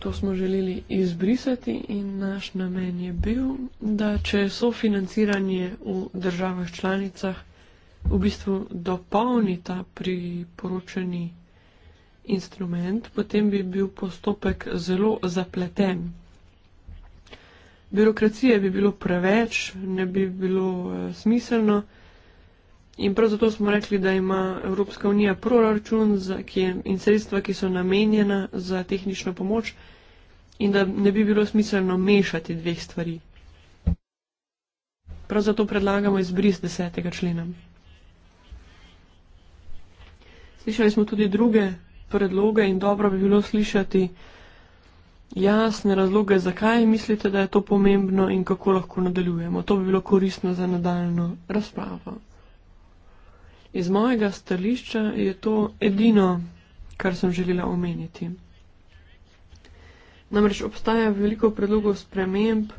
To smo želeli izbrisati in naš namen je bil, da če je sofinanciranje v državah članicah v bistvu dopolni ta priporočeni instrument, potem bi bil postopek zelo zapleten. Birokracije bi bilo preveč, ne bi bilo eh, smiselno. In prav zato smo rekli, da ima Evropska unija proračun za, ki je, in sredstva, ki so namenjena za tehnično pomoč in da ne bi bilo smiselno mešati dveh stvari. Prav zato predlagamo izbris desetega člena. Slišali smo tudi druge predloge in dobro bi bilo slišati jasne razloge, zakaj mislite, da je to pomembno in kako lahko nadaljujemo. To bi bilo koristno za nadaljno razpravo. Iz mojega stališča je to edino, kar sem želela omeniti. Namreč obstaja veliko predlogov sprememb,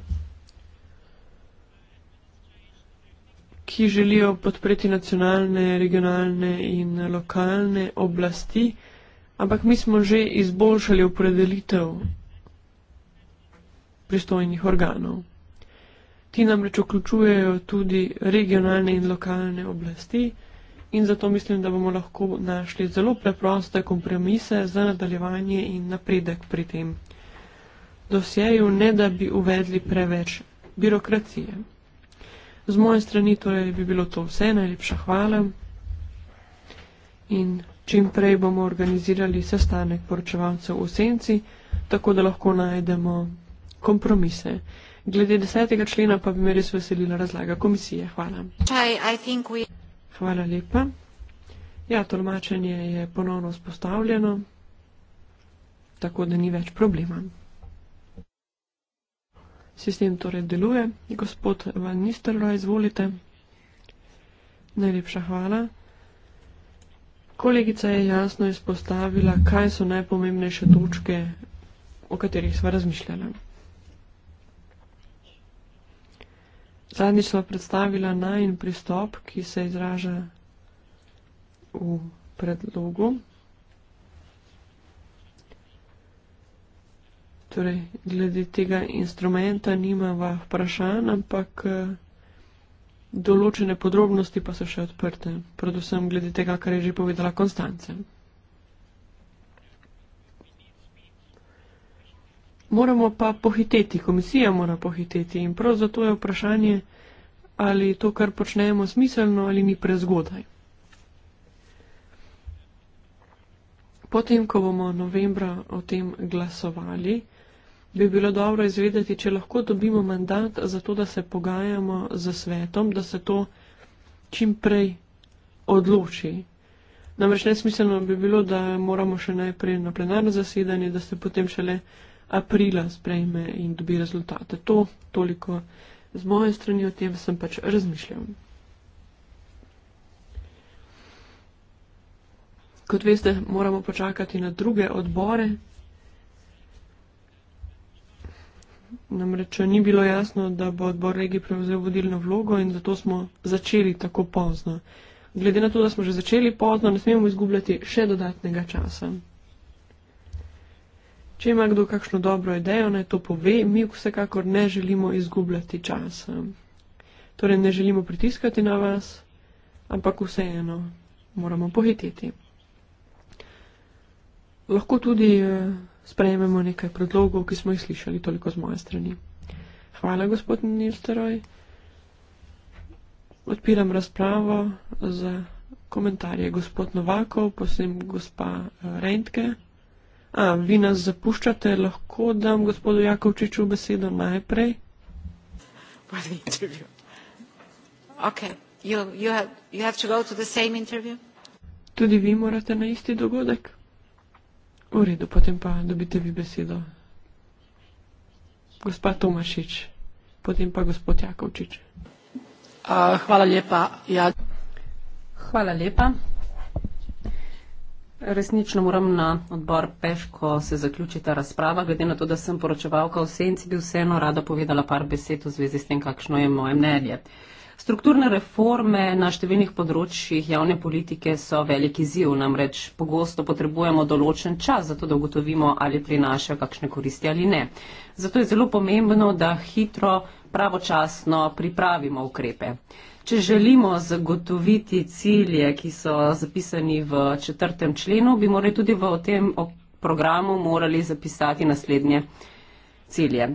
ki želijo podpreti nacionalne, regionalne in lokalne oblasti, ampak mi smo že izboljšali opredelitev pristojnih organov. Ti namreč vključujejo tudi regionalne in lokalne oblasti, in zato mislim, da bomo lahko našli zelo preproste kompromise za nadaljevanje in napredek pri tem dosjeju, ne da bi uvedli preveč birokracije. Z moje strani torej bi bilo to vse, najlepša hvala in čim prej bomo organizirali sestanek poročevalcev v senci, tako da lahko najdemo kompromise. Glede desetega člena pa bi me res veselila razlaga komisije. Hvala. Hi, Hvala lepa. Ja, tolmačenje je ponovno spostavljeno, tako da ni več problema. Sistem torej deluje. Gospod Van Nisterloj, izvolite. Najlepša hvala. Kolegica je jasno izpostavila, kaj so najpomembnejše točke, o katerih sva razmišljala. Zadnjič smo predstavila najin pristop, ki se izraža v predlogu. Torej, glede tega instrumenta nimava vprašanj, ampak eh, določene podrobnosti pa so še odprte, predvsem glede tega, kar je že povedala Konstance. moramo pa pohiteti, komisija mora pohiteti in prav zato je vprašanje, ali to, kar počnemo, smiselno ali ni prezgodaj. Potem, ko bomo novembra o tem glasovali, bi bilo dobro izvedeti, če lahko dobimo mandat za to, da se pogajamo z svetom, da se to čim prej odloči. Namreč nesmiselno bi bilo, da moramo še najprej na plenarno zasedanje, da se potem šele aprila sprejme in dobi rezultate. To toliko z moje strani, o tem sem pač razmišljal. Kot veste, moramo počakati na druge odbore. Namreč ni bilo jasno, da bo odbor regi prevzel vodilno vlogo in zato smo začeli tako pozno. Glede na to, da smo že začeli pozno, ne smemo izgubljati še dodatnega časa. Če ima kdo kakšno dobro idejo, naj to pove, mi vsekakor ne želimo izgubljati časa. Torej ne želimo pritiskati na vas, ampak vseeno moramo pohititi. Lahko tudi eh, sprejmemo nekaj predlogov, ki smo jih slišali toliko z moje strani. Hvala, gospod Nilsteroj. Odpiram razpravo za komentarje gospod Novakov, posem gospa eh, Rentke. A, vi nas zapuščate, lahko dam gospodu Jakovčiču besedo najprej. Tudi vi morate na isti dogodek. V redu, potem pa dobite vi besedo. Gospa Tomašič, potem pa gospod Jakovčič. Uh, hvala lepa. Ja. Hvala lepa. Resnično moram na odbor peš, ko se zaključi ta razprava. Glede na to, da sem poročevalka v senci, bi vseeno rada povedala par besed v zvezi s tem, kakšno je moje mnenje. Strukturne reforme na številnih področjih javne politike so veliki ziv, namreč pogosto potrebujemo določen čas, zato da ugotovimo, ali prinašajo kakšne koristi ali ne. Zato je zelo pomembno, da hitro, pravočasno pripravimo ukrepe. Če želimo zagotoviti cilje, ki so zapisani v četrtem členu, bi morali tudi v tem programu morali zapisati naslednje cilje.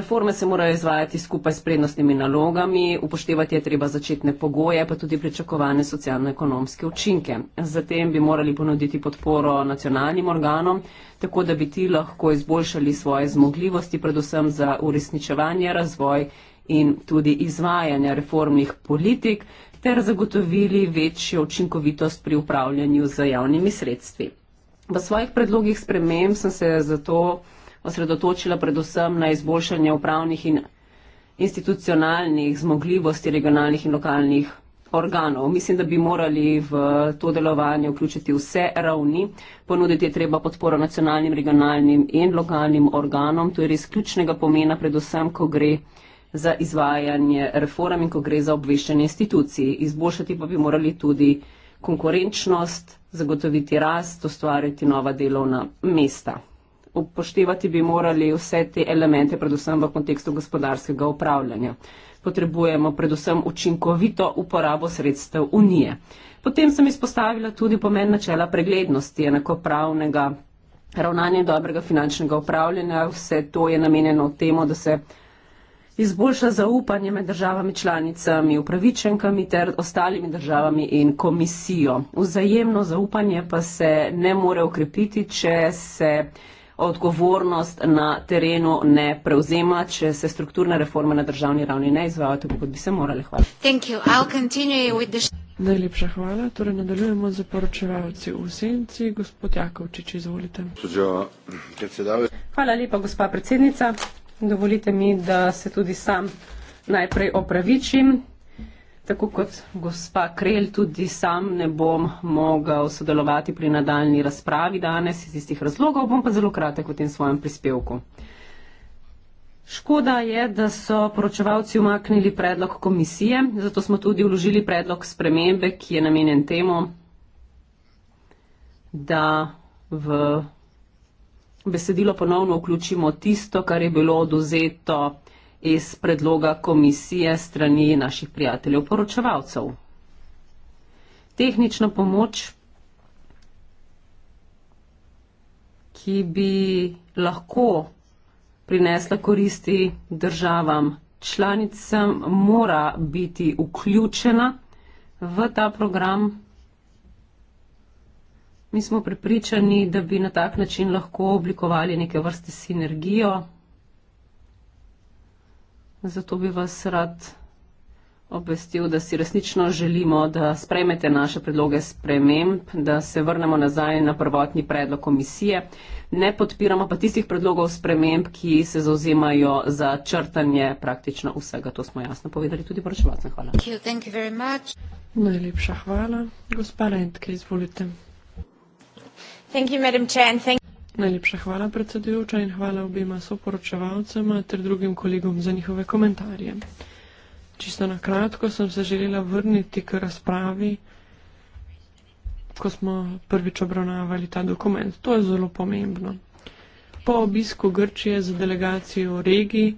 Reforme se morajo izvajati skupaj s prednostnimi nalogami, upoštevati je treba začetne pogoje, pa tudi pričakovane socialno-ekonomske učinke. Zatem bi morali ponuditi podporo nacionalnim organom, tako da bi ti lahko izboljšali svoje zmogljivosti, predvsem za uresničevanje, razvoj in tudi izvajanja reformnih politik ter zagotovili večjo učinkovitost pri upravljanju z javnimi sredstvi. V svojih predlogih sprememb sem se zato osredotočila predvsem na izboljšanje upravnih in institucionalnih zmogljivosti regionalnih in lokalnih organov. Mislim, da bi morali v to delovanje vključiti vse ravni, ponuditi je treba podporo nacionalnim, regionalnim in lokalnim organom, to je res ključnega pomena, predvsem, ko gre za za izvajanje reform in ko gre za obveščanje institucij. Izboljšati pa bi morali tudi konkurenčnost, zagotoviti rast, ustvarjati nova delovna mesta. Upoštevati bi morali vse te elemente, predvsem v kontekstu gospodarskega upravljanja. Potrebujemo predvsem učinkovito uporabo sredstev Unije. Potem sem izpostavila tudi pomen načela preglednosti, enakopravnega ravnanja in dobrega finančnega upravljanja. Vse to je namenjeno temu, da se izboljša zaupanje med državami članicami, upravičenkami ter ostalimi državami in komisijo. Vzajemno zaupanje pa se ne more ukrepiti, če se odgovornost na terenu ne prevzema, če se strukturne reforme na državni ravni ne izvajo, tako kot bi se morali. Hvala. Najlepša hvala. Torej nadaljujemo z poročevalci v senci. Gospod Jakovčič, izvolite. Hvala lepa, gospa predsednica. Dovolite mi, da se tudi sam najprej opravičim. Tako kot gospa Krelj, tudi sam ne bom mogel sodelovati pri nadaljni razpravi danes iz istih razlogov, bom pa zelo kratek v tem svojem prispevku. Škoda je, da so poročevalci umaknili predlog komisije, zato smo tudi vložili predlog spremembe, ki je namenjen temu, da v besedilo ponovno vključimo tisto, kar je bilo oduzeto iz predloga komisije strani naših prijateljev poročevalcev. Tehnična pomoč, ki bi lahko prinesla koristi državam članicam, mora biti vključena v ta program. Mi smo prepričani, da bi na tak način lahko oblikovali neke vrste sinergijo. Zato bi vas rad obvestil, da si resnično želimo, da sprejmete naše predloge sprememb, da se vrnemo nazaj na prvotni predlog komisije. Ne podpiramo pa tistih predlogov sprememb, ki se zauzemajo za črtanje praktično vsega. To smo jasno povedali tudi poročevalcem. Hvala. Najlepša hvala. Gospa Rentke, izvolite. Najlepša hvala predsedujoča in hvala obima soporočevalcema ter drugim kolegom za njihove komentarje. Čisto na kratko sem se želela vrniti k razpravi, ko smo prvič obravnavali ta dokument. To je zelo pomembno. Po obisku Grčije za delegacijo regiji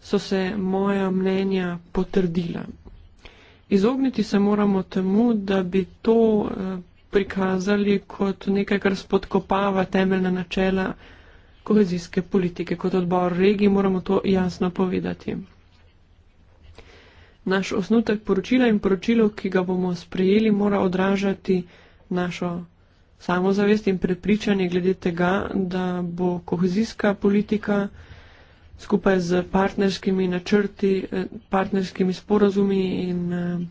so se moja mnenja potrdila. Izogniti se moramo temu, da bi to eh, prikazali kot nekaj, kar spodkopava temeljna načela kohezijske politike. Kot odbor regij moramo to jasno povedati. Naš osnutek poročila in poročilo, ki ga bomo sprejeli, mora odražati našo samozavest in prepričanje glede tega, da bo kohezijska politika skupaj z partnerskimi načrti, eh, partnerskimi sporazumi in eh,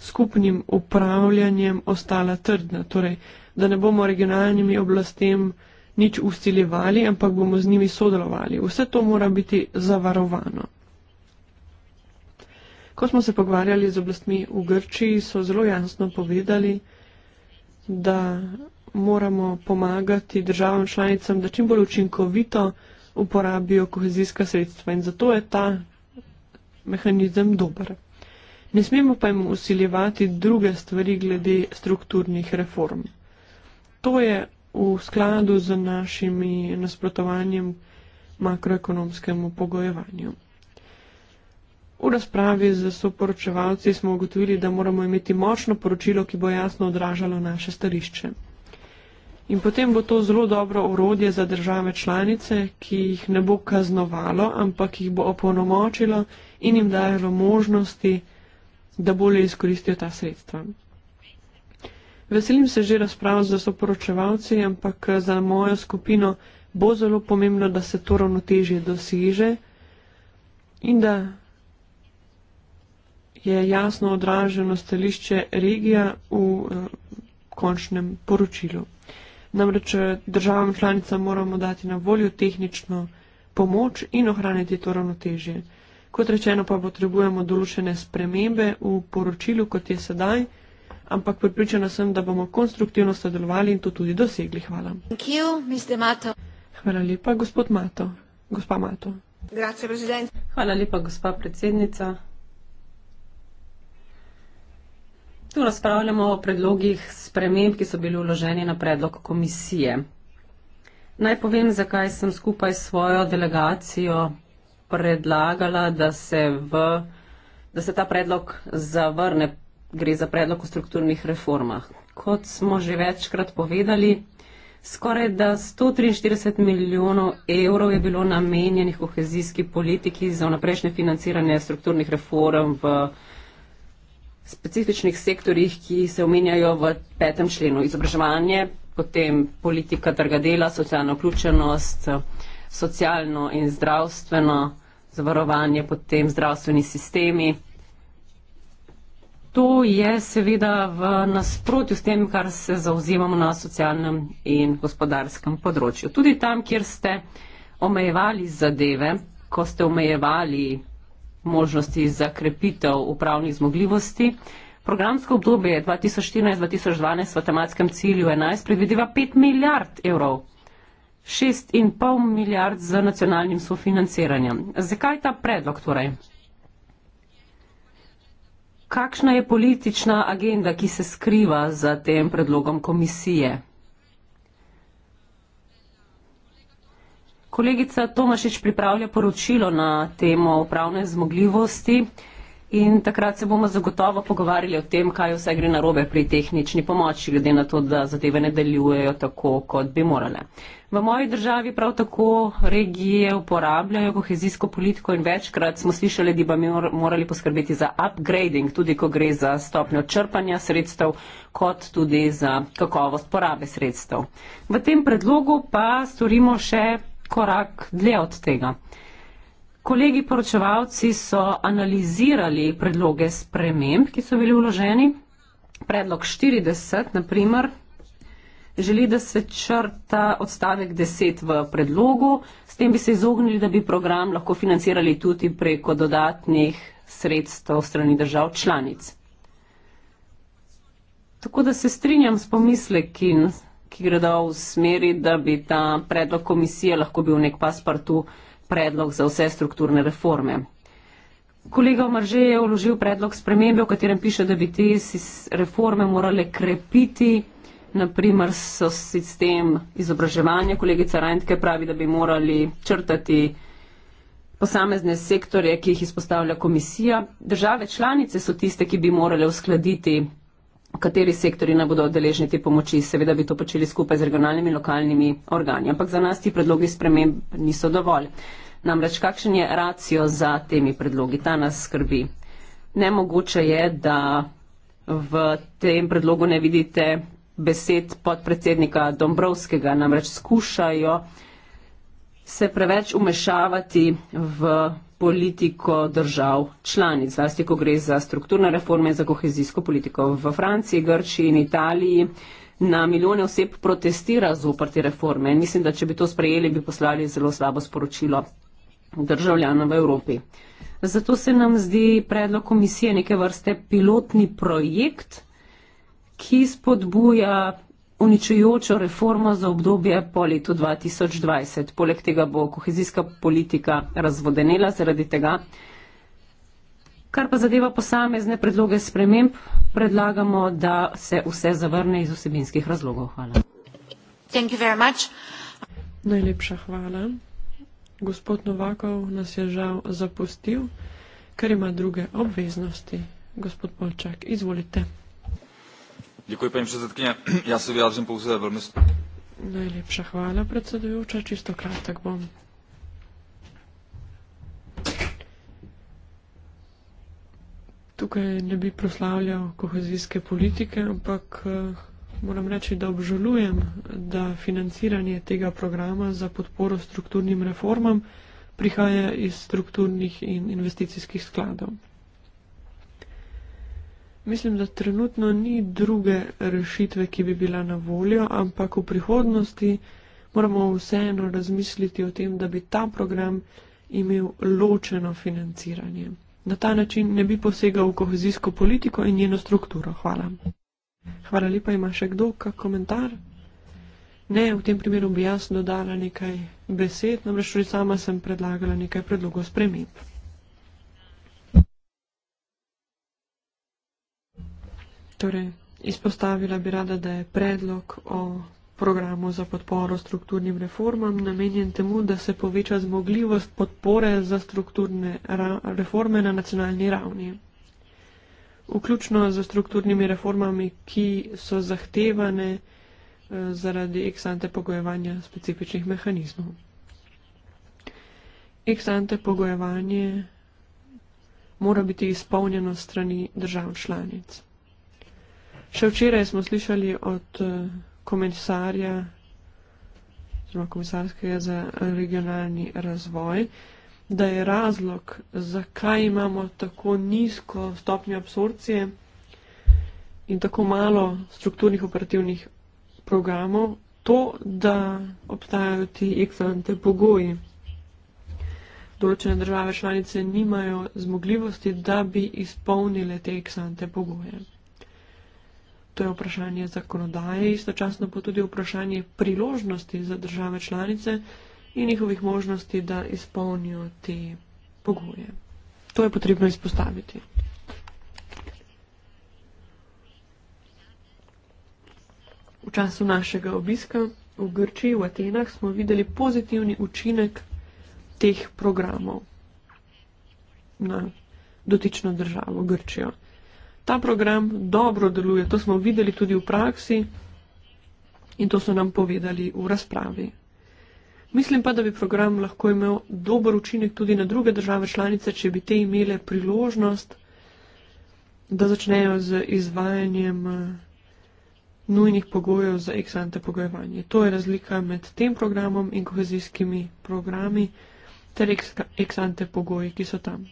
skupnim upravljanjem ostala trdna. Torej, da ne bomo regionalnimi oblastem nič usiljevali, ampak bomo z njimi sodelovali. Vse to mora biti zavarovano. Ko smo se pogovarjali z oblastmi v Grčiji, so zelo jasno povedali, da moramo pomagati državam članicam, da čim bolj učinkovito uporabijo kohezijska sredstva. In zato je ta mehanizem dober ne smemo pa jim usiljevati druge stvari glede strukturnih reform. To je v skladu z našimi nasprotovanjem makroekonomskemu pogojevanju. V razpravi z soporočevalci smo ugotovili, da moramo imeti močno poročilo, ki bo jasno odražalo naše starišče. In potem bo to zelo dobro orodje za države članice, ki jih ne bo kaznovalo, ampak jih bo oponomočilo in jim dajalo možnosti, da bolje izkoristijo ta sredstva. Veselim se že razprav za soporočevalci, ampak eh, za mojo skupino bo zelo pomembno, da se to ravnotežje dosiže in da je jasno odraženo stališče regija v eh, končnem poročilu. Namreč eh, državam članicam moramo dati na voljo tehnično pomoč in ohraniti to ravnotežje. Kot rečeno, pa potrebujemo določene spremembe v poročilu, kot je sedaj, ampak pripričana sem, da bomo konstruktivno sodelovali in to tudi dosegli. Hvala. You, Hvala lepa, gospod Mato. Gospa Mato. Grazie, Hvala lepa, gospa predsednica. Tu razpravljamo o predlogih sprememb, ki so bili vloženi na predlog komisije. Naj povem, zakaj sem skupaj s svojo delegacijo predlagala, da se, v, da se ta predlog zavrne. Gre za predlog o strukturnih reformah. Kot smo že večkrat povedali, skoraj da 143 milijonov evrov je bilo namenjenih kohezijski politiki za naprejšnje financiranje strukturnih reform v specifičnih sektorjih, ki se omenjajo v petem členu. Izobraževanje, potem politika trga dela, socialna vključenost, socialno in zdravstveno zavarovanje pod tem zdravstveni sistemi. To je seveda v nasprotju s tem, kar se zauzimamo na socialnem in gospodarskem področju. Tudi tam, kjer ste omejevali zadeve, ko ste omejevali možnosti za krepitev upravnih zmogljivosti, programsko obdobje 2014-2012 v tematskem cilju 11 predvideva 5 milijard evrov šest in pol milijard z nacionalnim sofinanciranjem. Zakaj ta predlog torej? Kakšna je politična agenda, ki se skriva za tem predlogom komisije? Kolegica Tomašič pripravlja poročilo na temo upravne zmogljivosti in takrat se bomo zagotovo pogovarjali o tem, kaj vse gre narobe pri tehnični pomoči, glede na to, da zadeve ne delujejo tako, kot bi morale. V moji državi prav tako regije uporabljajo kohezijsko politiko in večkrat smo slišali, da bi morali poskrbeti za upgrading, tudi ko gre za stopnjo črpanja sredstev, kot tudi za kakovost porabe sredstev. V tem predlogu pa storimo še korak dlje od tega. Kolegi poročevalci so analizirali predloge sprememb, ki so bili vloženi. Predlog 40, naprimer, želi, da se črta odstavek 10 v predlogu. S tem bi se izognili, da bi program lahko financirali tudi preko dodatnih sredstev strani držav članic. Tako da se strinjam s pomisleki, ki gredo v smeri, da bi ta predlog komisije lahko bil nek paspartu predlog za vse strukturne reforme. Kolega Omarže je vložil predlog spremembe, v katerem piše, da bi te reforme morale krepiti naprimer so sistem izobraževanja. Kolegica Rajntke pravi, da bi morali črtati posamezne sektorje, ki jih izpostavlja komisija. Države članice so tiste, ki bi morali uskladiti, kateri sektori naj bodo deležni te pomoči. Seveda bi to počeli skupaj z regionalnimi in lokalnimi organi, ampak za nas ti predlogi sprememb niso dovolj. Namreč, kakšen je racijo za temi predlogi? Ta nas skrbi. Nemogoče je, da v tem predlogu ne vidite besed podpredsednika Dombrovskega namreč skušajo se preveč umešavati v politiko držav članic, zlasti ko gre za strukturne reforme za kohezijsko politiko v Franciji, Grčiji in Italiji. Na milijone oseb protestira z uprti reforme. Mislim, da če bi to sprejeli, bi poslali zelo slabo sporočilo državljanom v Evropi. Zato se nam zdi predlog komisije neke vrste pilotni projekt ki spodbuja uničujočo reformo za obdobje po letu 2020. Poleg tega bo kohezijska politika razvodenela zaradi tega. Kar pa zadeva posamezne predloge sprememb, predlagamo, da se vse zavrne iz osebinskih razlogov. Hvala. Najlepša hvala. Gospod Novakov nas je žal zapustil, ker ima druge obveznosti. Gospod Polčak, izvolite. Děkuji, paní předsedkyně. Já se vyjádřím pouze velmi... Nejlepší chvála, předsedujúča, čisto krátek bom. Tukaj ne bi proslavljal kohezijske politike, ampak eh, moram reči, da obžalujem, da financiranje tega programa za podporo strukturnim reformam prihaja iz strukturnih in investicijskih skladov. Mislim, da trenutno ni druge rešitve, ki bi bila na voljo, ampak v prihodnosti moramo vseeno razmisliti o tem, da bi ta program imel ločeno financiranje. Na ta način ne bi posegal v kohezijsko politiko in njeno strukturo. Hvala. Hvala lepa, ima še kdo kak komentar? Ne, v tem primeru bi jaz dodala nekaj besed, namreč tudi sama sem predlagala nekaj predlogov sprememb. Torej, izpostavila bi rada, da je predlog o programu za podporo strukturnim reformam namenjen temu, da se poveča zmogljivost podpore za strukturne reforme na nacionalni ravni. Vključno z strukturnimi reformami, ki so zahtevane eh, zaradi eksante pogojevanja specifičnih mehanizmov. Eksante pogojevanje mora biti izpolnjeno strani držav članic. Še včeraj smo slišali od eh, komisarja, zelo komisarskega za regionalni razvoj, da je razlog, zakaj imamo tako nizko stopnjo absorpcije in tako malo strukturnih operativnih programov, to, da obstajajo ti ekstranti pogoji. Določene države članice nimajo zmogljivosti, da bi izpolnile te ekstranti pogoje to je vprašanje zakonodaje, istočasno pa tudi vprašanje priložnosti za države članice in njihovih možnosti, da izpolnijo te pogoje. To je potrebno izpostaviti. V času našega obiska v Grčiji, v Atenah, smo videli pozitivni učinek teh programov na dotično državo Grčijo ta program dobro deluje. To smo videli tudi v praksi in to so nam povedali v razpravi. Mislim pa, da bi program lahko imel dober učinek tudi na druge države članice, če bi te imele priložnost, da začnejo z izvajanjem eh, nujnih pogojev za eksante pogojevanje. To je razlika med tem programom in kohezijskimi programi ter eksante pogoji, ki so tam.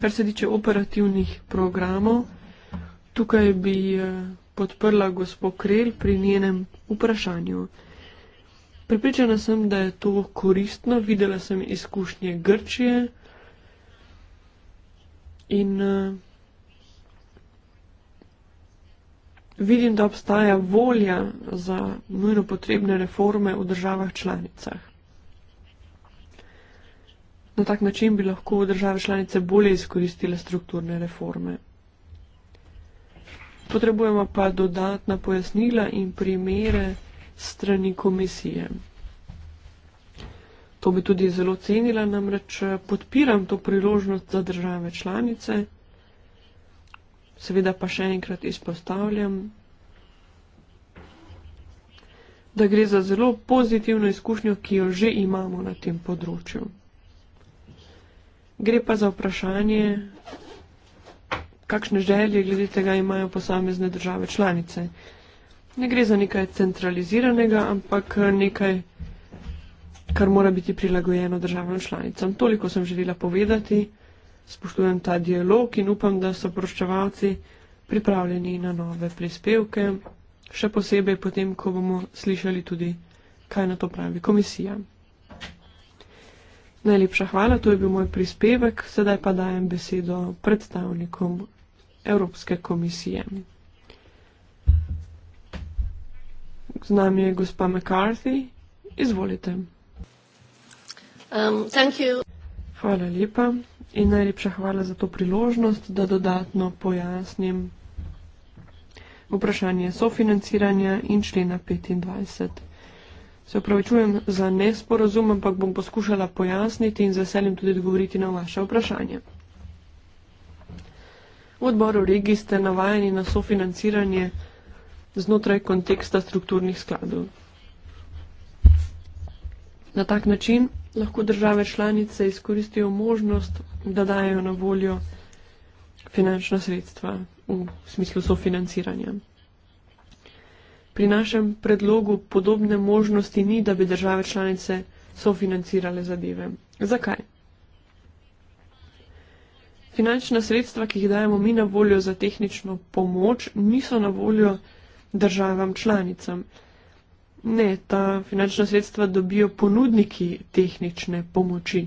Kar se tiče operativnih programov, tukaj bi eh, podprla gospod Krelj pri njenem vprašanju. Pripričana sem, da je to koristno, videla sem izkušnje Grčije in eh, vidim, da obstaja volja za nujno potrebne reforme v državah članicah. Na tak način bi lahko države članice bolje izkoristile strukturne reforme. Potrebujemo pa dodatna pojasnila in primere strani komisije. To bi tudi zelo cenila, namreč eh, podpiram to priložnost za države članice. Seveda pa še enkrat izpostavljam, da gre za zelo pozitivno izkušnjo, ki jo že imamo na tem področju. Gre pa za vprašanje, kakšne želje glede tega imajo posamezne države članice. Ne gre za nekaj centraliziranega, ampak nekaj, kar mora biti prilagojeno državam članicam. Toliko sem želela povedati, spoštujem ta dialog in upam, da so proščevalci pripravljeni na nove prispevke, še posebej potem, ko bomo slišali tudi, kaj na to pravi komisija. Najlepša hvala, to je bil moj prispevek. Sedaj pa dajem besedo predstavnikom Evropske komisije. Z nami je gospa McCarthy. Izvolite. Um, hvala lepa in najlepša hvala za to priložnost, da dodatno pojasnim vprašanje sofinanciranja in člena 25. Se upravičujem za nesporazum, ampak bom poskušala pojasniti in z veseljem tudi odgovoriti na vaše vprašanje. V odboru regij ste navajeni na sofinanciranje znotraj konteksta strukturnih skladov. Na tak način lahko države članice izkoristijo možnost, da dajo na voljo finančna sredstva v smislu sofinanciranja. Pri našem predlogu podobne možnosti ni, da bi države članice sofinancirale zadeve. Zakaj? Finančna sredstva, ki jih dajemo mi na voljo za tehnično pomoč, niso na voljo državam članicam. Ne, ta finančna sredstva dobijo ponudniki tehnične pomoči.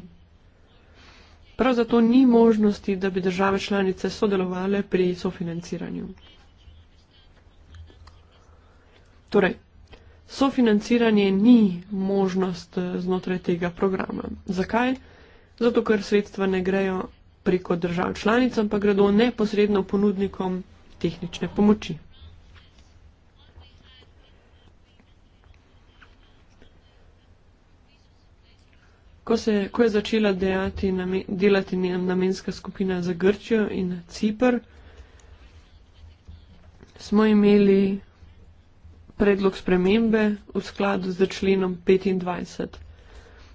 Prav zato ni možnosti, da bi države članice sodelovale pri sofinanciranju. Torej, sofinanciranje ni možnost eh, znotraj tega programa. Zakaj? Zato, ker sredstva ne grejo preko držav članic, ampak gredo neposredno ponudnikom tehnične pomoči. Ko, se, ko je začela dejati, name, delati namenska skupina za Grčijo in Cipr, smo imeli predlog spremembe v skladu z členom 25.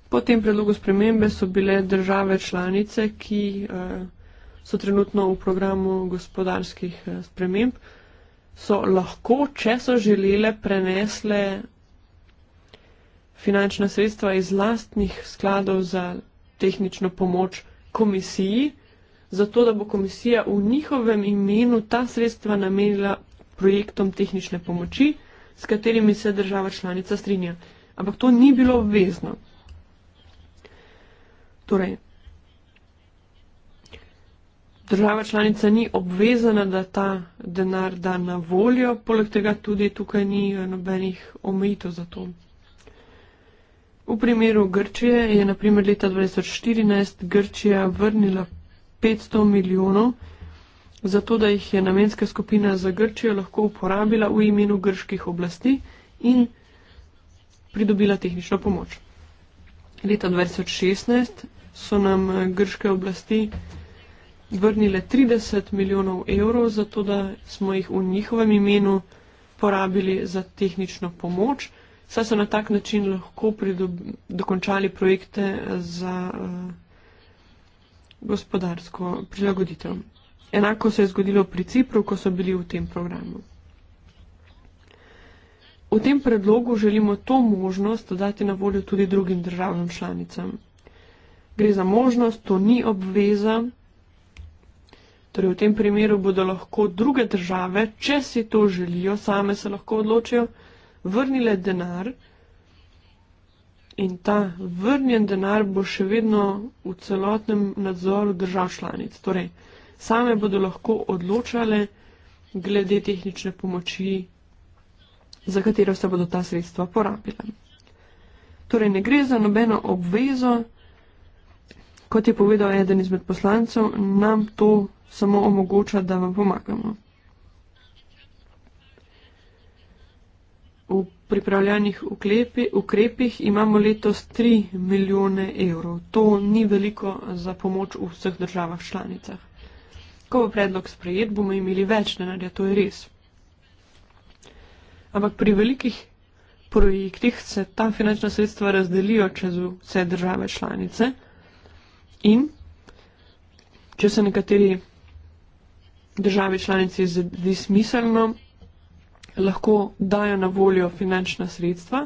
Po tem predlogu spremembe so bile države članice, ki eh, so trenutno v programu gospodarskih eh, sprememb, so lahko, če so želele, prenesle finančna sredstva iz lastnih skladov za tehnično pomoč komisiji, zato da bo komisija v njihovem imenu ta sredstva namenila projektom tehnične pomoči, s katerimi se država članica strinja. Ampak to ni bilo obvezno. Torej, država članica ni obvezana, da ta denar da na voljo, poleg tega tudi tukaj ni eh, nobenih omejitev za to. V primeru Grčije je naprimer leta 2014 Grčija vrnila 500 milijonov zato da jih je namenska skupina za Grčijo lahko uporabila v imenu grških oblasti in pridobila tehnično pomoč. Leta 2016 so nam eh, grške oblasti vrnile 30 milijonov evrov, zato da smo jih v njihovem imenu porabili za tehnično pomoč. Saj so na tak način lahko dokončali projekte za uh, gospodarsko prilagoditev. Enako se je zgodilo pri Cipru, ko so bili v tem programu. V tem predlogu želimo to možnost dati na voljo tudi drugim državnim članicam. Gre za možnost, to ni obveza. Torej, v tem primeru bodo lahko druge države, če si to želijo, same se lahko odločijo, vrnile denar in ta vrnjen denar bo še vedno v celotnem nadzoru držav članic. Torej, same bodo lahko odločale glede tehnične pomoči, za katero se bodo ta sredstva porabila. Torej ne gre za nobeno obvezo, kot je povedal eden izmed poslancev, nam to samo omogoča, da vam pomagamo. V pripravljanih uklepi, ukrepih imamo letos 3 milijone evrov. To ni veliko za pomoč v vseh državah članicah. Ko bo predlog sprejet, bomo imeli več denarja, to je res. Ampak pri velikih projektih se ta finančna sredstva razdelijo čez vse države članice in če se nekateri državi članici zdi smiselno, lahko dajo na voljo finančna sredstva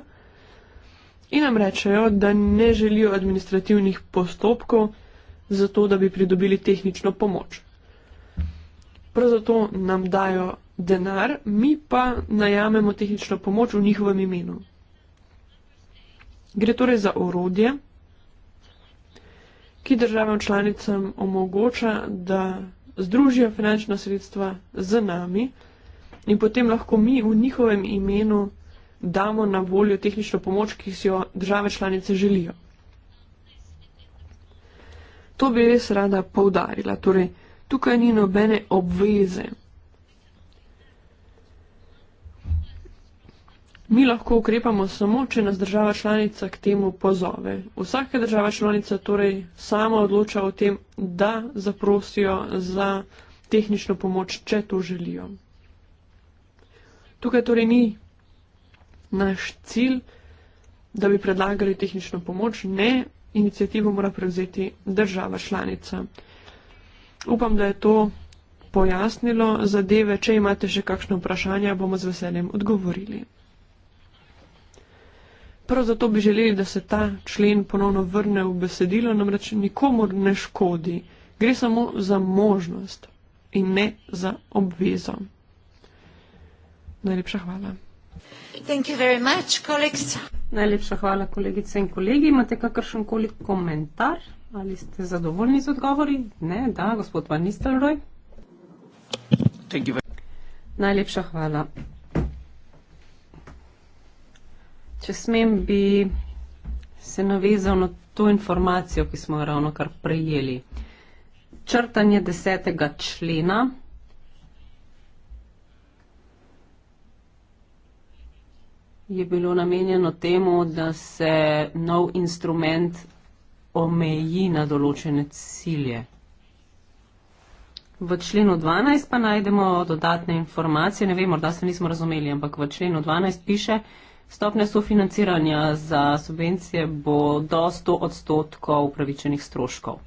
in nam rečejo, da ne želijo administrativnih postopkov za to, da bi pridobili tehnično pomoč prav zato nam dajo denar, mi pa najamemo tehnično pomoč v njihovem imenu. Gre torej za orodje, ki državam članicam omogoča, da združijo finančna sredstva z nami in potem lahko mi v njihovem imenu damo na voljo tehnično pomoč, ki si jo države članice želijo. To bi res rada poudarila. Torej, tukaj ni nobene obveze. Mi lahko ukrepamo samo, če nas država članica k temu pozove. Vsaka država članica torej sama odloča o tem, da zaprosijo za tehnično pomoč, če to želijo. Tukaj torej ni naš cilj, da bi predlagali tehnično pomoč, ne, inicijativo mora prevzeti država članica upam, da je to pojasnilo zadeve. Če imate še kakšno vprašanje, bomo z veseljem odgovorili. Prav zato bi želeli, da se ta člen ponovno vrne v besedilo, namreč nikomor ne škodi. Gre samo za možnost in ne za obvezo. Najlepša hvala. Najlepša hvala, kolegice in kolegi. Imate kakršen koli komentar? Ali ste zadovoljni z odgovori? Ne, da, gospod Van Nistelrooy. Najlepša hvala. Če smem, bi se navezal na to informacijo, ki smo jo ravno kar prejeli. Črtanje desetega člena je bilo namenjeno temu, da se nov instrument omeji na določene cilje. V členu 12 pa najdemo dodatne informacije, ne vem, morda se nismo razumeli, ampak v členu 12 piše, stopne sofinanciranja za subvencije bo do 100 odstotkov upravičenih stroškov.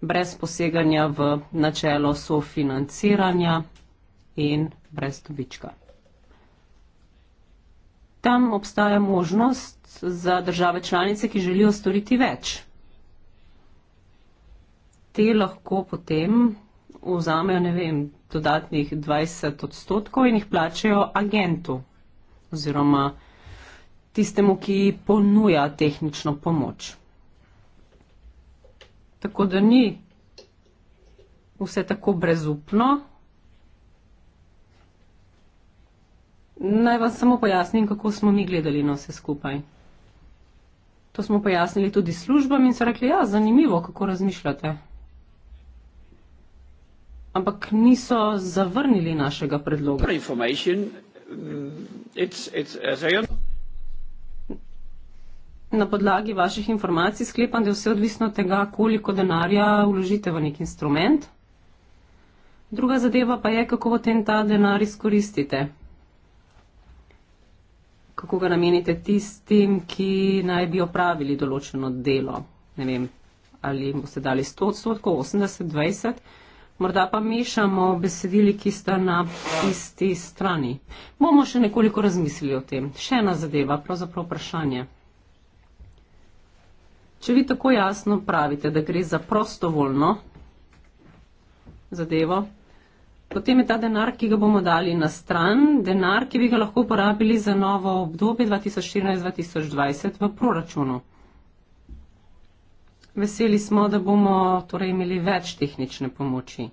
Brez poseganja v načelo sofinanciranja in brez dobička tam obstaja možnost za države članice, ki želijo storiti več. Te lahko potem vzamejo, ne vem, dodatnih 20 odstotkov in jih plačajo agentu oziroma tistemu, ki ponuja tehnično pomoč. Tako da ni vse tako brezupno. Naj vam samo pojasnim, kako smo mi gledali na vse skupaj. To smo pojasnili tudi službam in so rekli, ja, zanimivo, kako razmišljate. Ampak niso zavrnili našega predloga. Na podlagi vaših informacij sklepam, da je vse odvisno od tega, koliko denarja vložite v nek instrument. Druga zadeva pa je, kako v tem ta denar izkoristite kako ga namenite tistim, ki naj bi opravili določeno delo. Ne vem, ali jim boste dali 100 odstotkov, 80, 20. Morda pa mešamo besedili, ki sta na isti strani. Bomo še nekoliko razmislili o tem. Še ena zadeva, pravzaprav vprašanje. Če vi tako jasno pravite, da gre za prostovoljno zadevo, Potem je ta denar, ki ga bomo dali na stran, denar, ki bi ga lahko uporabili za novo obdobje 2014-2020 v proračunu. Veseli smo, da bomo torej imeli več tehnične pomoči.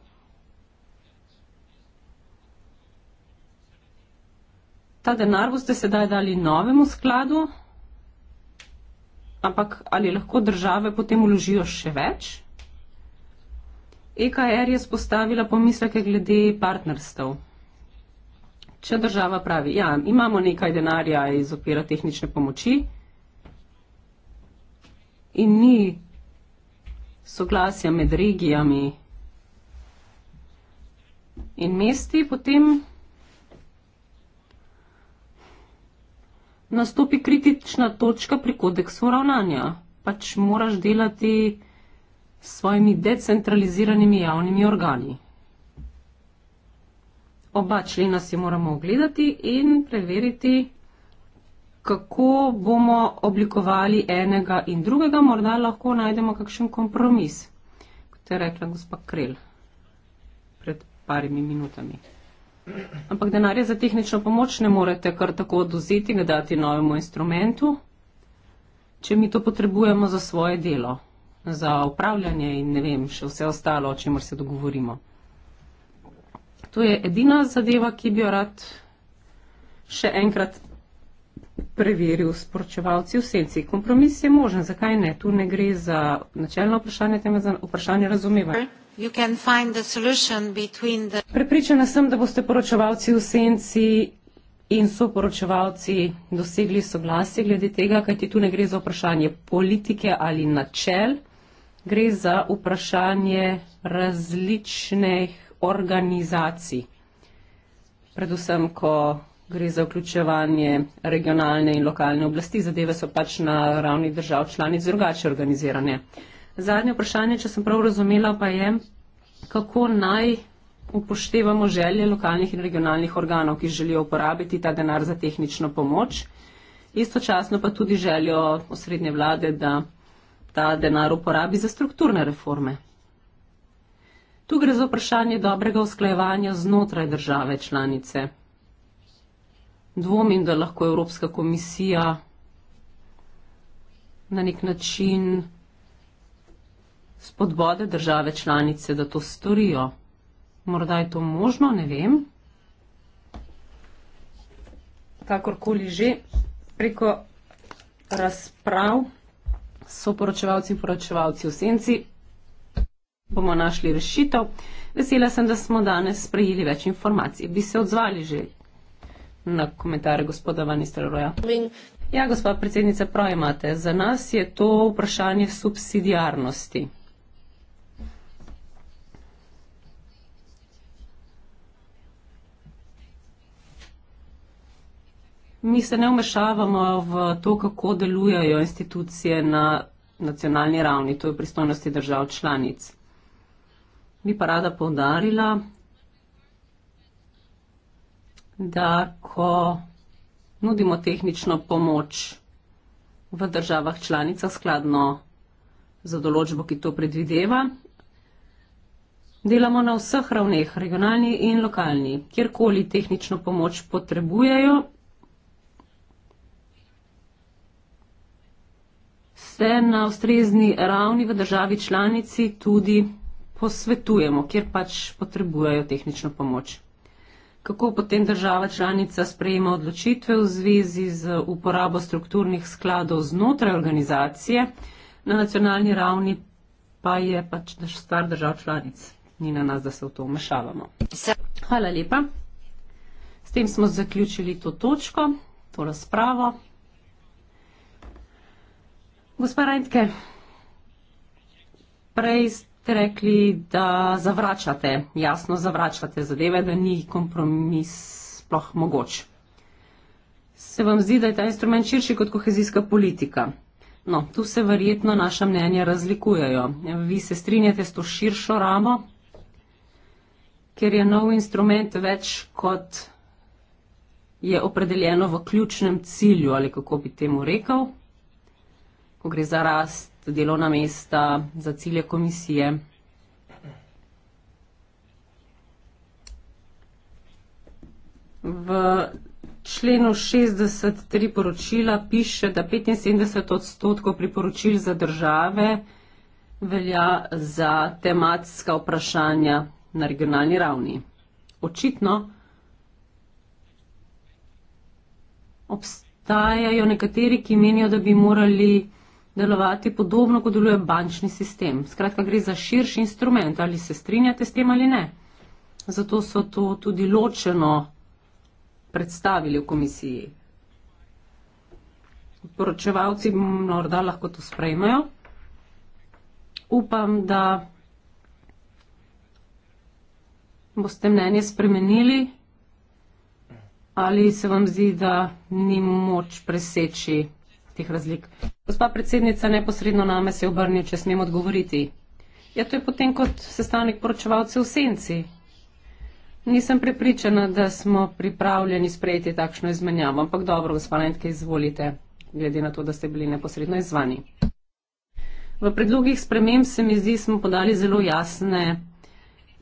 Ta denar boste sedaj dali novemu skladu, ampak ali lahko države potem uložijo še več? EKR je spostavila pomisleke glede partnerstv. Če država pravi, ja, imamo nekaj denarja iz opera tehnične pomoči in ni soglasja med regijami in mesti, potem nastopi kritična točka pri kodeksu ravnanja. Pač moraš delati s svojimi decentraliziranimi javnimi organi. Oba člena si moramo ogledati in preveriti, kako bomo oblikovali enega in drugega, morda lahko najdemo kakšen kompromis, kot je rekla gospa Krel pred parimi minutami. Ampak denarja za tehnično pomoč ne morete kar tako oduzeti, ga dati novemu instrumentu, če mi to potrebujemo za svoje delo za upravljanje in ne vem, še vse ostalo, o čemer se dogovorimo. To je edina zadeva, ki bi jo rad še enkrat preveril s poročevalci v senci. Kompromis je možen, zakaj ne? Tu ne gre za načelno vprašanje, temveč za vprašanje razumevanja. Prepričana sem, da boste poročevalci v senci in so poročevalci dosegli soglasje glede tega, kajti tu ne gre za vprašanje politike ali načel gre za vprašanje različnih organizacij. Predvsem, ko gre za vključevanje regionalne in lokalne oblasti, zadeve so pač na ravni držav članic drugače organizirane. Zadnje vprašanje, če sem prav razumela, pa je, kako naj upoštevamo želje lokalnih in regionalnih organov, ki želijo uporabiti ta denar za tehnično pomoč, istočasno pa tudi željo osrednje vlade, da ta denar uporabi za strukturne reforme. Tu gre za vprašanje dobrega usklajevanja znotraj države članice. Dvomim, da lahko Evropska komisija na nek način spodbode države članice, da to storijo. Morda je to možno, ne vem. Kakorkoli že, preko razprav so poročevalci in poročevalci v senci, bomo našli rešitev. Vesela sem, da smo danes sprejeli več informacij. Bi se odzvali že na komentare gospoda Vanistraroja? Ja, gospod predsednica, prav imate. Za nas je to vprašanje subsidijarnosti. Mi se ne vmešavamo v to, kako delujejo institucije na nacionalni ravni, to je v pristojnosti držav članic. Bi pa rada povdarila, da ko nudimo tehnično pomoč v državah članicah skladno za določbo, ki to predvideva, delamo na vseh ravneh, regionalni in lokalni, kjerkoli tehnično pomoč potrebujejo, se na ustrezni ravni v državi članici tudi posvetujemo, kjer pač potrebujejo tehnično pomoč. Kako potem država članica sprejema odločitve v zvezi z uporabo strukturnih skladov znotraj organizacije, na nacionalni ravni pa je pač stvar držav članic. Ni na nas, da se v to vmešavamo. Hvala lepa. S tem smo zaključili to točko, to razpravo. Gospa Rajnke, prej ste rekli, da zavračate, jasno zavračate zadeve, da ni kompromis sploh mogoč. Se vam zdi, da je ta instrument širši kot kohezijska politika? No, tu se verjetno naša mnenja razlikujejo. Vi se strinjate s to širšo ramo, ker je nov instrument več kot je opredeljeno v ključnem cilju ali kako bi temu rekel ko gre za rast, delovna mesta, za cilje komisije. V členu 63 poročila piše, da 75 odstotkov priporočil za države velja za tematska vprašanja na regionalni ravni. Očitno obstajajo nekateri, ki menijo, da bi morali delovati podobno, kot deluje bančni sistem. Skratka, gre za širši instrument, ali se strinjate s tem ali ne. Zato so to tudi ločeno predstavili v komisiji. Poročevalci morda lahko to sprejmejo. Upam, da boste mnenje spremenili ali se vam zdi, da ni moč preseči teh razlik. Gospa predsednica neposredno name se obrnil, če smem odgovoriti. Ja, to je potem kot sestavnik poročevalcev v senci. Nisem prepričana, da smo pripravljeni sprejeti takšno izmenjavo, ampak dobro, gospa Lentke, izvolite, glede na to, da ste bili neposredno izvani. V predlogih sprememb se mi zdi, smo podali zelo jasne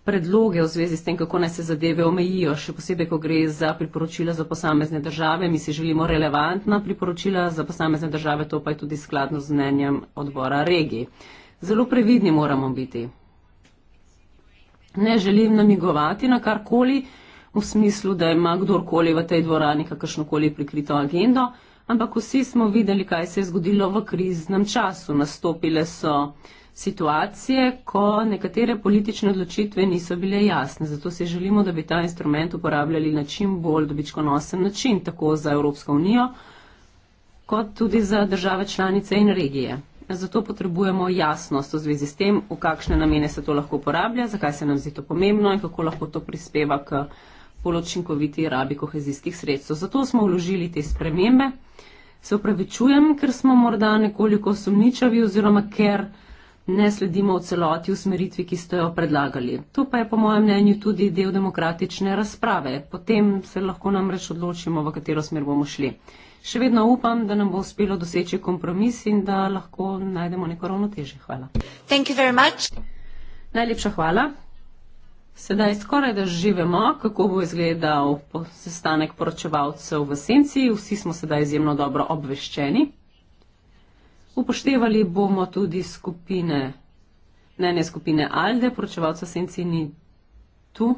predloge v zvezi s tem, kako naj se zadeve omejijo, še posebej, ko gre za priporočila za posamezne države. Mi si želimo relevantna priporočila za posamezne države, to pa je tudi skladno z mnenjem odbora regij. Zelo previdni moramo biti. Ne želim namigovati na karkoli v smislu, da ima kdorkoli v tej dvorani kakršnokoli prikrito agendo, ampak vsi smo videli, kaj se je zgodilo v kriznem času. Nastopile so uh, situacije, ko nekatere politične odločitve niso bile jasne. Zato si želimo, da bi ta instrument uporabljali na čim bolj dobičkonosen način, tako za Evropsko unijo, kot tudi za države članice in regije. Zato potrebujemo jasnost v zvezi s tem, v kakšne namene se to lahko uporablja, zakaj se nam zdi to pomembno in kako lahko to prispeva k poločinkoviti rabi kohezijskih sredstev. Zato smo vložili te spremembe. Se upravičujem, ker smo morda nekoliko sumničavi oziroma ker ne sledimo v celoti usmeritvi, ki ste jo predlagali. To pa je po mojem mnenju tudi del demokratične razprave. Potem se lahko namreč odločimo, v katero smer bomo šli. Še vedno upam, da nam bo uspelo doseči kompromis in da lahko najdemo neko ravnotežje. Hvala. Najlepša hvala. Sedaj skoraj da živemo, kako bo izgledal sestanek poročevalcev v senci. Vsi smo sedaj izjemno dobro obveščeni. Upoštevali bomo tudi skupine, ne ne skupine Alde, poročevalca Senci ni tu,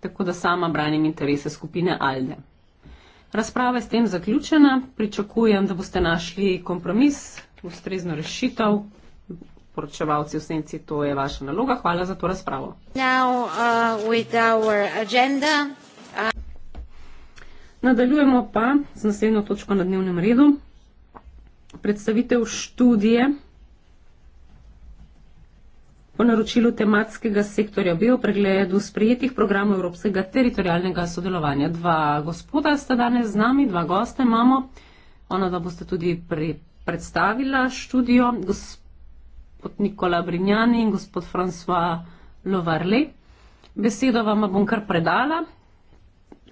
tako da sama branim interese skupine Alde. Razprava je s tem zaključena, pričakujem, da boste našli kompromis, ustrezno rešitev. Poročevalci v Senci, to je vaša naloga. Hvala za to razpravo. Now, uh, agenda, uh... Nadaljujemo pa z naslednjo točko na dnevnem redu predstavitev študije o naročilu tematskega sektorja B v pregledu sprejetih programov Evropskega teritorijalnega sodelovanja. Dva gospoda sta danes z nami, dva gosta imamo. Ona, da boste tudi pri, predstavila študijo, gospod Nikola Brinjani in gospod François Lovarli. Besedo vam bom kar predala.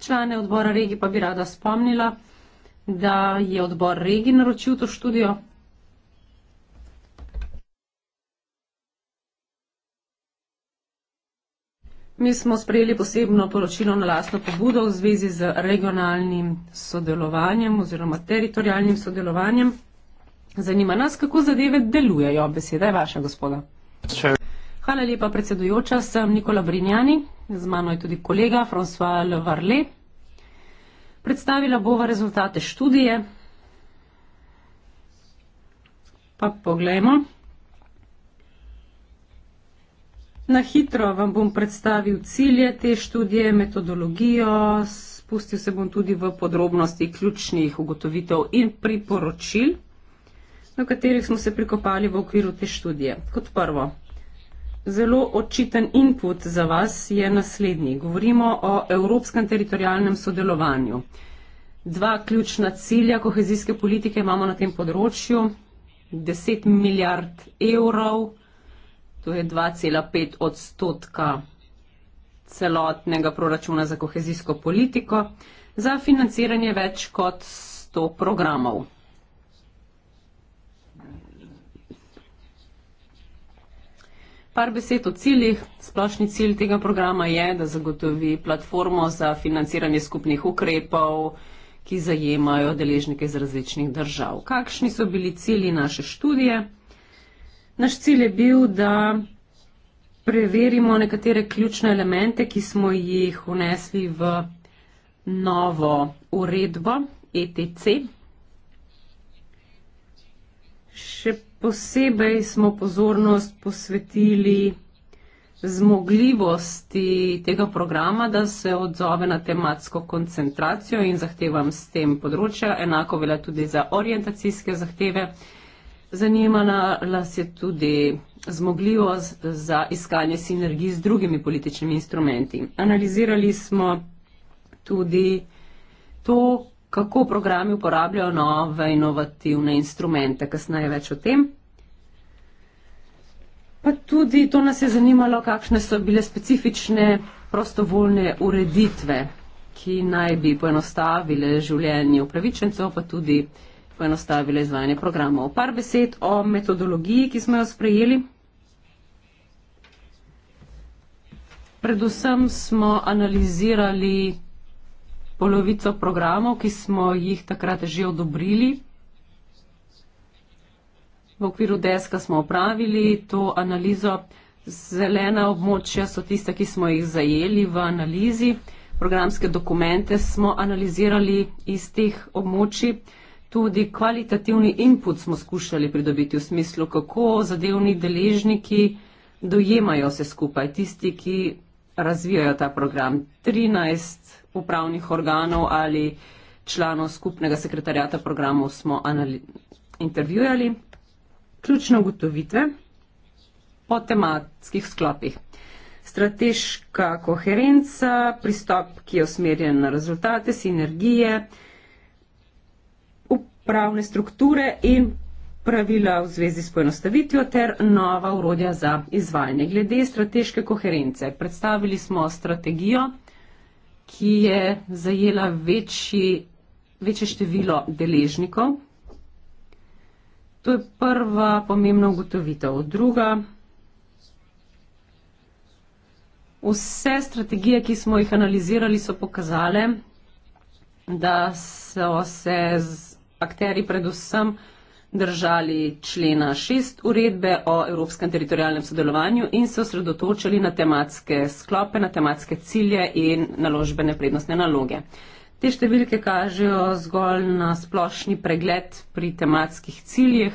Člane odbora regi pa bi rada spomnila, da je odbor regi naročil to študijo. Mi smo sprejeli posebno poročilo na lastno pobudo v zvezi z regionalnim sodelovanjem oziroma teritorijalnim sodelovanjem. Zanima nas, kako zadeve delujejo. Beseda je vaša, gospoda. Hvala lepa, predsedujoča. Sem Nikola Brinjani, z mano je tudi kolega François Levarlet. Predstavila bova rezultate študije. Pa poglejmo. Na hitro vam bom predstavil cilje te študije, metodologijo, spustil se bom tudi v podrobnosti ključnih ugotovitev in priporočil, na katerih smo se prikopali v okviru te študije. Kot prvo, zelo očiten input za vas je naslednji. Govorimo o evropskem teritorijalnem sodelovanju. Dva ključna cilja kohezijske politike imamo na tem področju. 10 milijard evrov, to je 2,5 odstotka celotnega proračuna za kohezijsko politiko, za financiranje več kot 100 programov. Par besed o ciljih. Splošni cilj tega programa je, da zagotovi platformo za financiranje skupnih ukrepov, ki zajemajo deležnike iz različnih držav. Kakšni so bili cilji naše študije? Naš cilj je bil, da preverimo nekatere ključne elemente, ki smo jih unesli v novo uredbo ETC. Še posebej smo pozornost posvetili zmogljivosti tega programa, da se odzove na tematsko koncentracijo in zahtevam s tem področja. Enako velja tudi za orientacijske zahteve. Zanimala nas je tudi zmogljivost za iskanje sinergij z drugimi političnimi instrumenti. Analizirali smo tudi to, kako programi uporabljajo nove inovativne instrumente, kasneje več o tem. Pa tudi to nas je zanimalo, kakšne so bile specifične prostovoljne ureditve, ki naj bi poenostavile življenje upravičencev, pa tudi poenostavile izvajanje programov. Par besed o metodologiji, ki smo jo sprejeli. Predvsem smo analizirali polovico programov, ki smo jih takrat že odobrili. V okviru deska smo opravili to analizo. Zelena območja so tiste, ki smo jih zajeli v analizi. Programske dokumente smo analizirali iz teh območij. Tudi kvalitativni input smo skušali pridobiti v smislu, kako zadevni deležniki dojemajo se skupaj, tisti, ki razvijajo ta program. 13 upravnih organov ali članov skupnega sekretarjata programov smo intervjujali. Ključne ugotovitve po tematskih sklopih. Strateška koherenca, pristop, ki je usmerjen na rezultate, sinergije, upravne strukture in pravila v zvezi s poenostavitvijo ter nova urodja za izvajanje. Glede strateške koherence, predstavili smo strategijo ki je zajela večji, večje število deležnikov. To je prva pomembna ugotovitev. Druga, vse strategije, ki smo jih analizirali, so pokazale, da so se z akteri predvsem držali člena šest uredbe o evropskem teritorijalnem sodelovanju in se osredotočili na tematske sklope, na tematske cilje in naložbene prednostne naloge. Te številke kažejo zgolj na splošni pregled pri tematskih ciljih.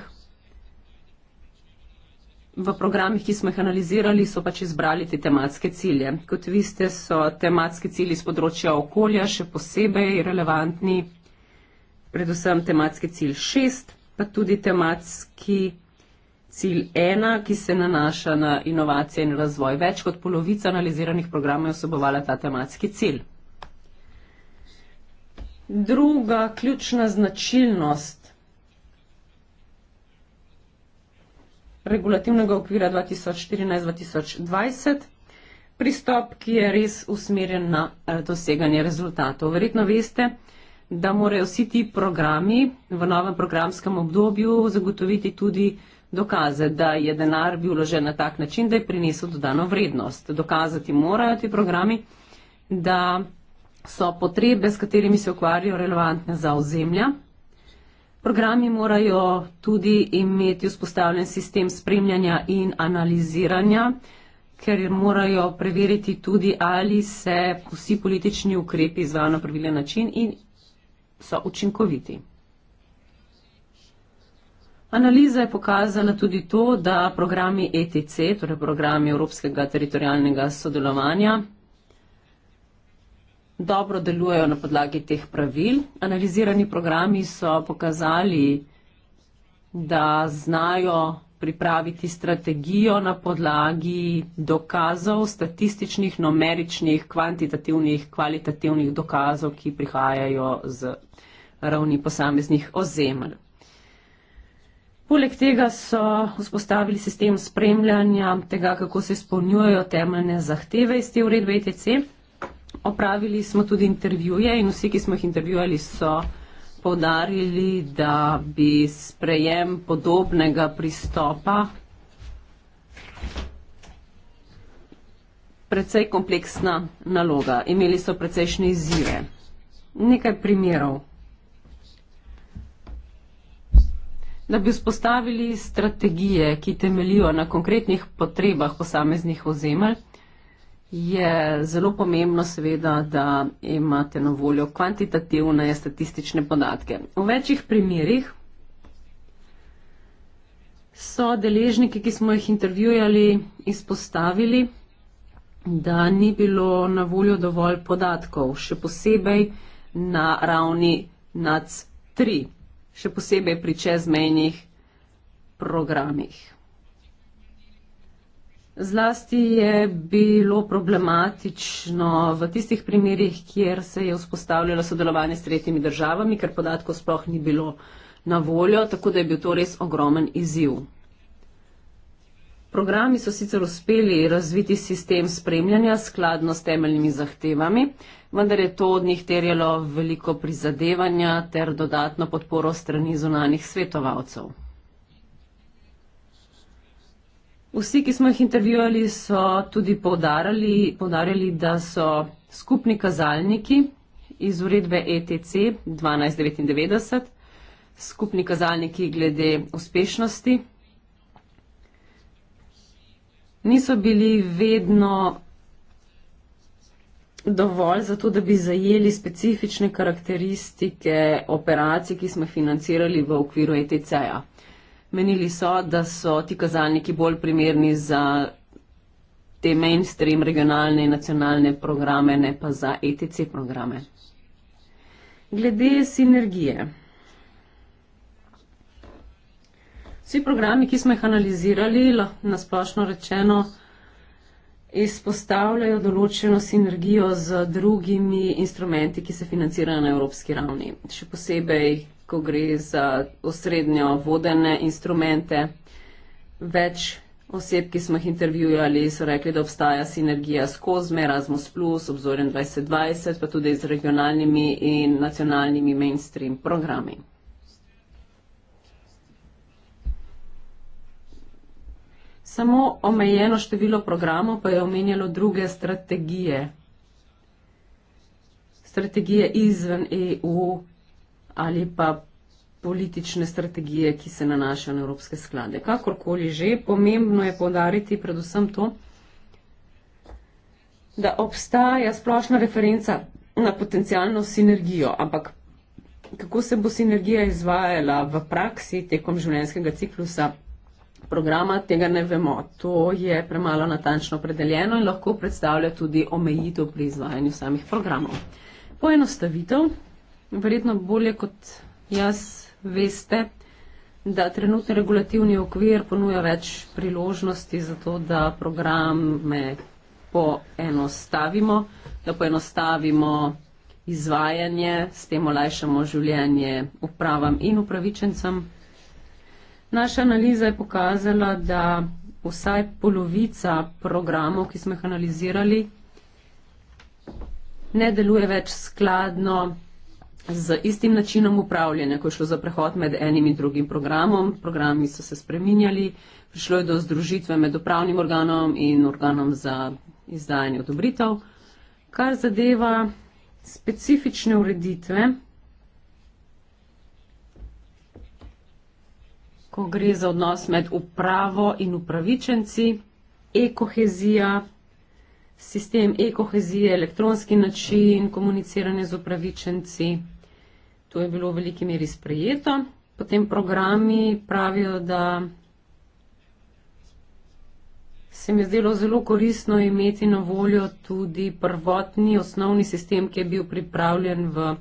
V programih, ki smo jih analizirali, so pač izbrali te tematske cilje. Kot viste, so tematski cilji z področja okolja še posebej relevantni, predvsem tematski cilj šest pa tudi tematski cilj ena, ki se nanaša na inovacije in razvoj. Več kot polovica analiziranih programov je osebovala ta tematski cilj. Druga ključna značilnost regulativnega okvira 2014-2020 Pristop, ki je res usmerjen na eh, doseganje rezultatov. Verjetno veste, da morajo vsi ti programi v novem programskem obdobju zagotoviti tudi dokaze, da je denar bil vložen na tak način, da je prinesel dodano vrednost. Dokazati morajo ti programi, da so potrebe, s katerimi se ukvarjajo, relevantne za ozemlja. Programi morajo tudi imeti vzpostavljen sistem spremljanja in analiziranja, ker morajo preveriti tudi, ali se vsi politični ukrepi izvajo na pravilen način in so učinkoviti. Analiza je pokazala tudi to, da programi ETC, torej programi Evropskega teritorijalnega sodelovanja, dobro delujejo na podlagi teh pravil. Analizirani programi so pokazali, da znajo pripraviti strategijo na podlagi dokazov, statističnih, numeričnih, kvantitativnih, kvalitativnih dokazov, ki prihajajo z ravni posameznih ozemelj. Poleg tega so vzpostavili sistem spremljanja tega, kako se izpolnjujejo temeljne zahteve iz te uredbe ETC. Opravili smo tudi intervjuje in vsi, ki smo jih intervjuali, so izpodarili, da bi sprejem podobnega pristopa precej kompleksna naloga. Imeli so precejšnje izzive. Nekaj primerov. Da bi vzpostavili strategije, ki temelijo na konkretnih potrebah posameznih ozemelj, je zelo pomembno seveda, da imate na voljo kvantitativne statistične podatke. V večjih primerjih so deležniki, ki smo jih intervjujali, izpostavili, da ni bilo na voljo dovolj podatkov, še posebej na ravni NAC 3, še posebej pri čezmejnih programih. Zlasti je bilo problematično v tistih primerjih, kjer se je vzpostavljalo sodelovanje s tretjimi državami, ker podatkov sploh ni bilo na voljo, tako da je bil to res ogromen izziv. Programi so sicer uspeli razviti sistem spremljanja skladno s temeljnimi zahtevami, vendar je to od njih terjalo veliko prizadevanja ter dodatno podporo strani zunanih svetovalcev. Vsi, ki smo jih intervjuvali, so tudi povdarjali, povdarjali, da so skupni kazalniki iz uredbe e ETC 1299, skupni kazalniki glede uspešnosti, niso bili vedno dovolj za to, da bi zajeli specifične karakteristike operacij, ki smo financirali v okviru ETC-ja. Menili so, da so ti kazalniki bolj primerni za te mainstream regionalne in nacionalne programe, ne pa za ETC programe. Glede sinergije. Vsi programi, ki smo jih analizirali, nasplošno rečeno, izpostavljajo določeno sinergijo z drugimi instrumenti, ki se financirajo na evropski ravni. Še posebej ko gre za osrednjo vodene instrumente. Več oseb, ki smo jih intervjuvali, so rekli, da obstaja sinergija skozi Erasmus, obzorjen 2020, pa tudi z regionalnimi in nacionalnimi mainstream programi. Samo omejeno število programov pa je omenjalo druge strategije. Strategije izven EU ali pa politične strategije, ki se nanašajo na evropske sklade. Kakorkoli že, pomembno je podariti predvsem to, da obstaja splošna referenca na potencijalno sinergijo, ampak kako se bo sinergija izvajala v praksi tekom življenjskega ciklusa programa, tega ne vemo. To je premalo natančno predeljeno in lahko predstavlja tudi omejitev pri izvajanju samih programov. Poenostavitev verjetno bolje kot jaz veste, da trenutni regulativni okvir ponuja več priložnosti za to, da programe poenostavimo, da poenostavimo izvajanje, s tem olajšamo življenje upravam in upravičencem. Naša analiza je pokazala, da vsaj polovica programov, ki smo jih analizirali, ne deluje več skladno z istim načinom upravljanja, ko je šlo za prehod med enim in drugim programom, programi so se spreminjali, prišlo je do združitve med upravnim organom in organom za izdajanje odobritev. Kar zadeva specifične ureditve, ko gre za odnos med upravo in upravičenci, ekohezija, sistem ekohezije, elektronski način komuniciranja z upravičenci. To je bilo v veliki meri sprejeto. Potem programi pravijo, da se mi je zdelo zelo koristno imeti na voljo tudi prvotni osnovni sistem, ki je bil pripravljen v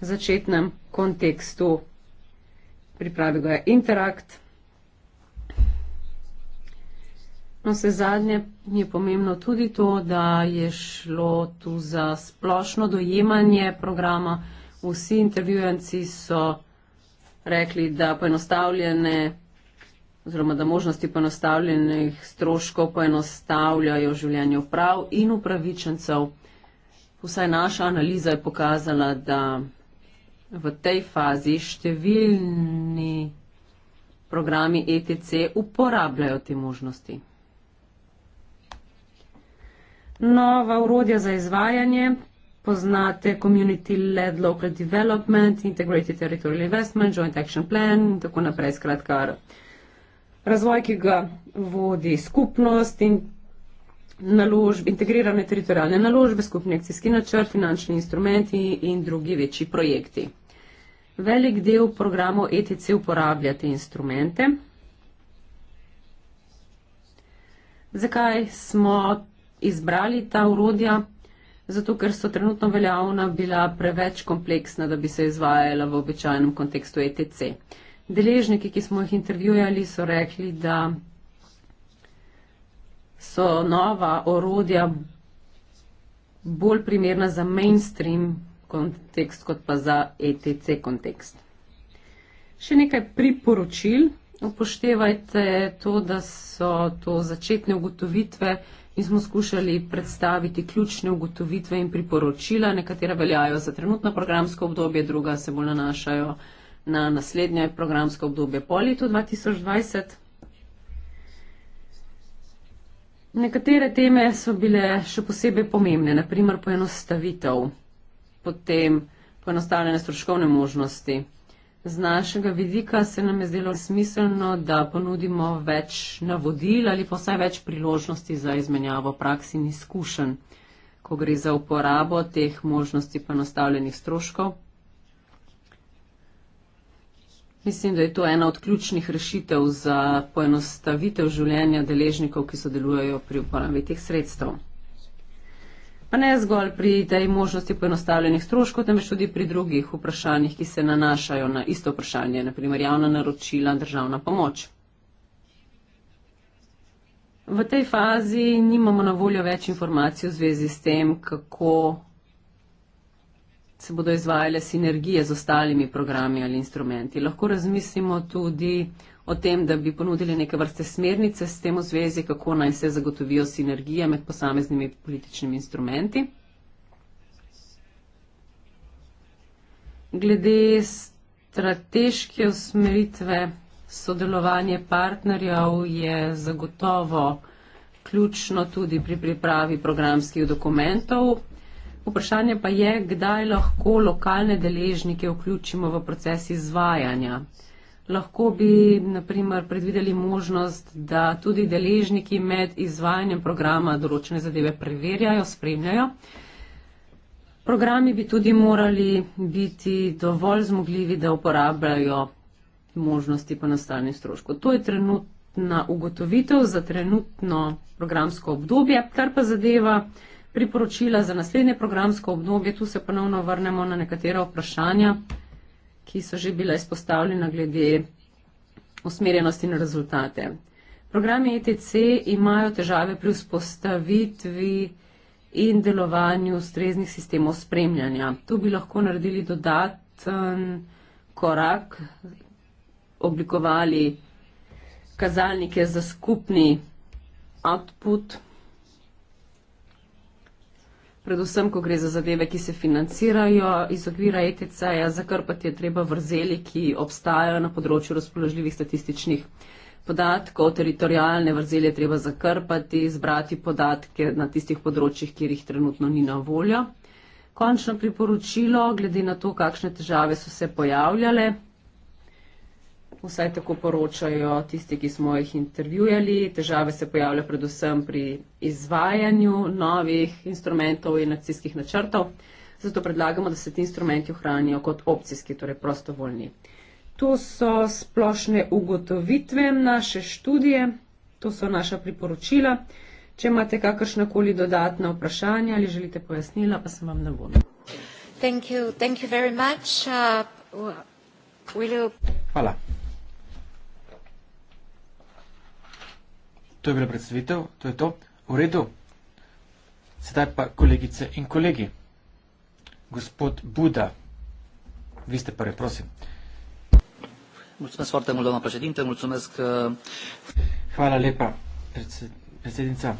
začetnem kontekstu. Pripravil ga je Interact. No, se zadnje je pomembno tudi to, da je šlo tu za splošno dojemanje programa. Vsi intervjujanci so rekli, da poenostavljene oziroma da možnosti poenostavljenih stroškov poenostavljajo življenje prav in upravičencev. Vsaj naša analiza je pokazala, da v tej fazi številni programi ETC uporabljajo te možnosti. Nova urodja za izvajanje poznate community-led local development, integrated territorial investment, joint action plan in tako naprej. Skratka, razvoj, ki ga vodi skupnost in naložb, integrirane teritorijalne naložbe, skupni akcijski načrt, finančni instrumenti in drugi večji projekti. Velik del programov ETC uporablja te instrumente. Zakaj smo izbrali ta urodja? zato ker so trenutno veljavna bila preveč kompleksna, da bi se izvajala v običajnem kontekstu ETC. Deležniki, ki smo jih intervjujali, so rekli, da so nova orodja bolj primerna za mainstream kontekst kot pa za ETC kontekst. Še nekaj priporočil. Upoštevajte to, da so to začetne ugotovitve, Mi smo skušali predstaviti ključne ugotovitve in priporočila, nekatera veljajo za trenutno programsko obdobje, druga se bolj nanašajo na naslednje programsko obdobje po letu 2020. Nekatere teme so bile še posebej pomembne, naprimer poenostavitev, potem poenostavljene stroškovne možnosti. Z našega vidika se nam je zdelo smiselno, da ponudimo več navodil ali pa vsaj več priložnosti za izmenjavo praks in izkušenj, ko gre za uporabo teh možnosti ponostavljenih stroškov. Mislim, da je to ena od ključnih rešitev za poenostavitev življenja deležnikov, ki sodelujejo pri uporabi teh sredstev pa ne zgolj pri tej možnosti poenostavljenih stroškov, temveč tudi pri drugih vprašanjih, ki se nanašajo na isto vprašanje, naprimer javna naročila, državna pomoč. V tej fazi nimamo na voljo več informacij v zvezi s tem, kako se bodo izvajale sinergije z ostalimi programi ali instrumenti. Lahko razmislimo tudi o tem, da bi ponudili neke vrste smernice s tem v zvezi, kako naj se zagotovijo sinergije med posameznimi političnimi instrumenti. Glede strateške usmeritve sodelovanje partnerjev je zagotovo ključno tudi pri pripravi programskih dokumentov. Vprašanje pa je, kdaj lahko lokalne deležnike vključimo v proces izvajanja. Lahko bi naprimer predvideli možnost, da tudi deležniki med izvajanjem programa določene zadeve preverjajo, spremljajo. Programi bi tudi morali biti dovolj zmogljivi, da uporabljajo možnosti po nastalni stroško. To je trenutna ugotovitev za trenutno programsko obdobje, kar pa zadeva priporočila za naslednje programsko obdobje. Tu se ponovno vrnemo na nekatera vprašanja ki so že bila izpostavljena glede usmerjenosti na rezultate. Programi ETC imajo težave pri vzpostavitvi in delovanju ustreznih sistemov spremljanja. Tu bi lahko naredili dodaten korak, oblikovali kazalnike za skupni output predvsem, ko gre za zadeve, ki se financirajo iz okvira ETC-ja, zakrpati je treba vrzeli, ki obstajajo na področju razpoložljivih statističnih podatkov, teritorijalne vrzeli je treba zakrpati, zbrati podatke na tistih področjih, kjer jih trenutno ni na voljo. Končno priporočilo, glede na to, kakšne težave so se pojavljale, vsaj tako poročajo tisti, ki smo jih intervjujali. Težave se pojavljajo predvsem pri izvajanju novih instrumentov in akcijskih načrtov, zato predlagamo, da se ti instrumenti ohranijo kot opcijski, torej prostovoljni. To so splošne ugotovitve naše študije, to so naša priporočila. Če imate kakršnakoli dodatna vprašanja ali želite pojasnila, pa sem vam na voljo. Uh, Hvala. To je bila predstavitev, to je to. V redu. Sedaj pa kolegice in kolegi. Gospod Buda, vi ste prvi, prosim. Mulțumesc foarte mult, doamna președinte, mulțumesc... Uh, Hvala lepa, predsednica.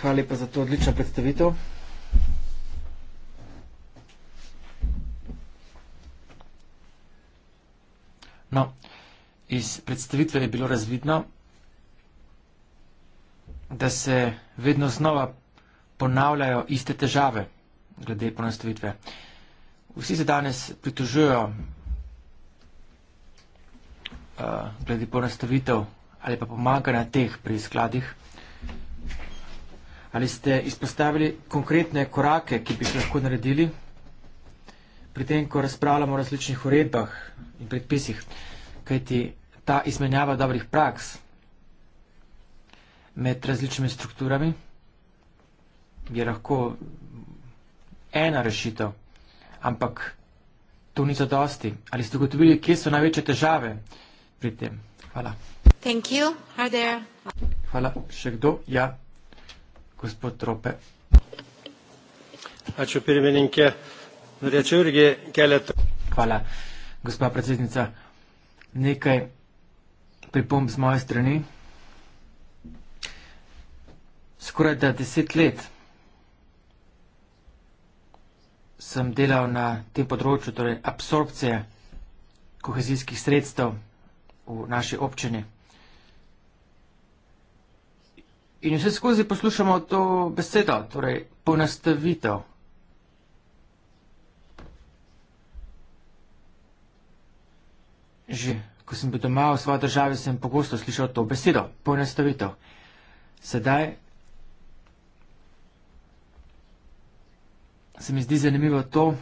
Hvala lepa za to odlično predstavitev. No, iz predstavitve je bilo razvidno, da se vedno znova ponavljajo iste težave glede ponastavitve. Vsi se danes pritožujo uh, eh, glede ponastavitev ali pa pomaga na teh pri skladih. Ali ste izpostavili konkretne korake, ki bi jih lahko naredili pri tem, ko razpravljamo o različnih uredbah in predpisih, kajti ta izmenjava dobrih praks med različnimi strukturami, je lahko ena rešitev, ampak to ni zadosti. Ali ste ugotovili, kje so največje težave pri tem? Hvala. Thank you. Are there... Hvala. Še kdo? Ja, gospod Trope. Ačiū pirmininkė. Norėčiau irgi keletą. Hvala, gospa predsednica. Nekaj pripomb z moje strani skoraj da deset let sem delal na tem področju, torej absorpcije kohezijskih sredstev v naši občini. In vse skozi poslušamo to besedo, torej ponastavitev. Že ko sem bil doma v svojo državi, sem pogosto slišal to besedo, ponastavitev. Sedaj se mi zdi zanimivo to,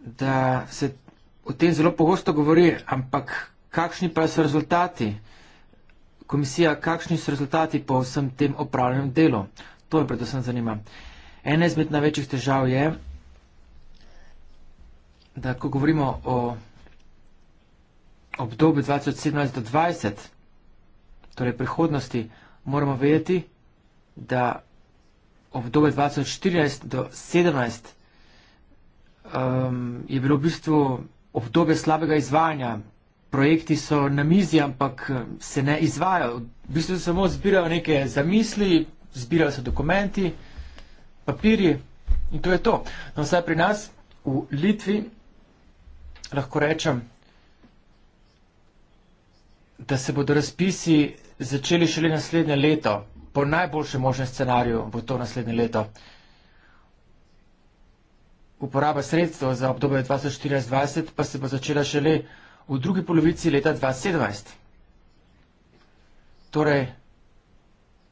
da se o tem zelo pogosto govori, ampak kakšni pa so rezultati? Komisija, kakšni so rezultati po vsem tem opravljenem delu? To me predvsem zanima. Ena izmed največjih težav je, da ko govorimo o obdobju 2017-2020, torej prihodnosti, moramo vedeti, da obdobje 2014 do 2017 um, je bilo v bistvu obdobje slabega izvajanja. Projekti so na mizi, ampak um, se ne izvajajo. V bistvu se samo zbirajo neke zamisli, zbirajo se dokumenti, papiri in to je to. No, vsaj pri nas v Litvi lahko rečem, da se bodo razpisi začeli šele naslednje leto. Po najboljšem možnem scenariju bo to naslednje leto. Uporaba sredstva za obdobje 2014-2020 pa se bo začela šele v drugi polovici leta 2017. Torej,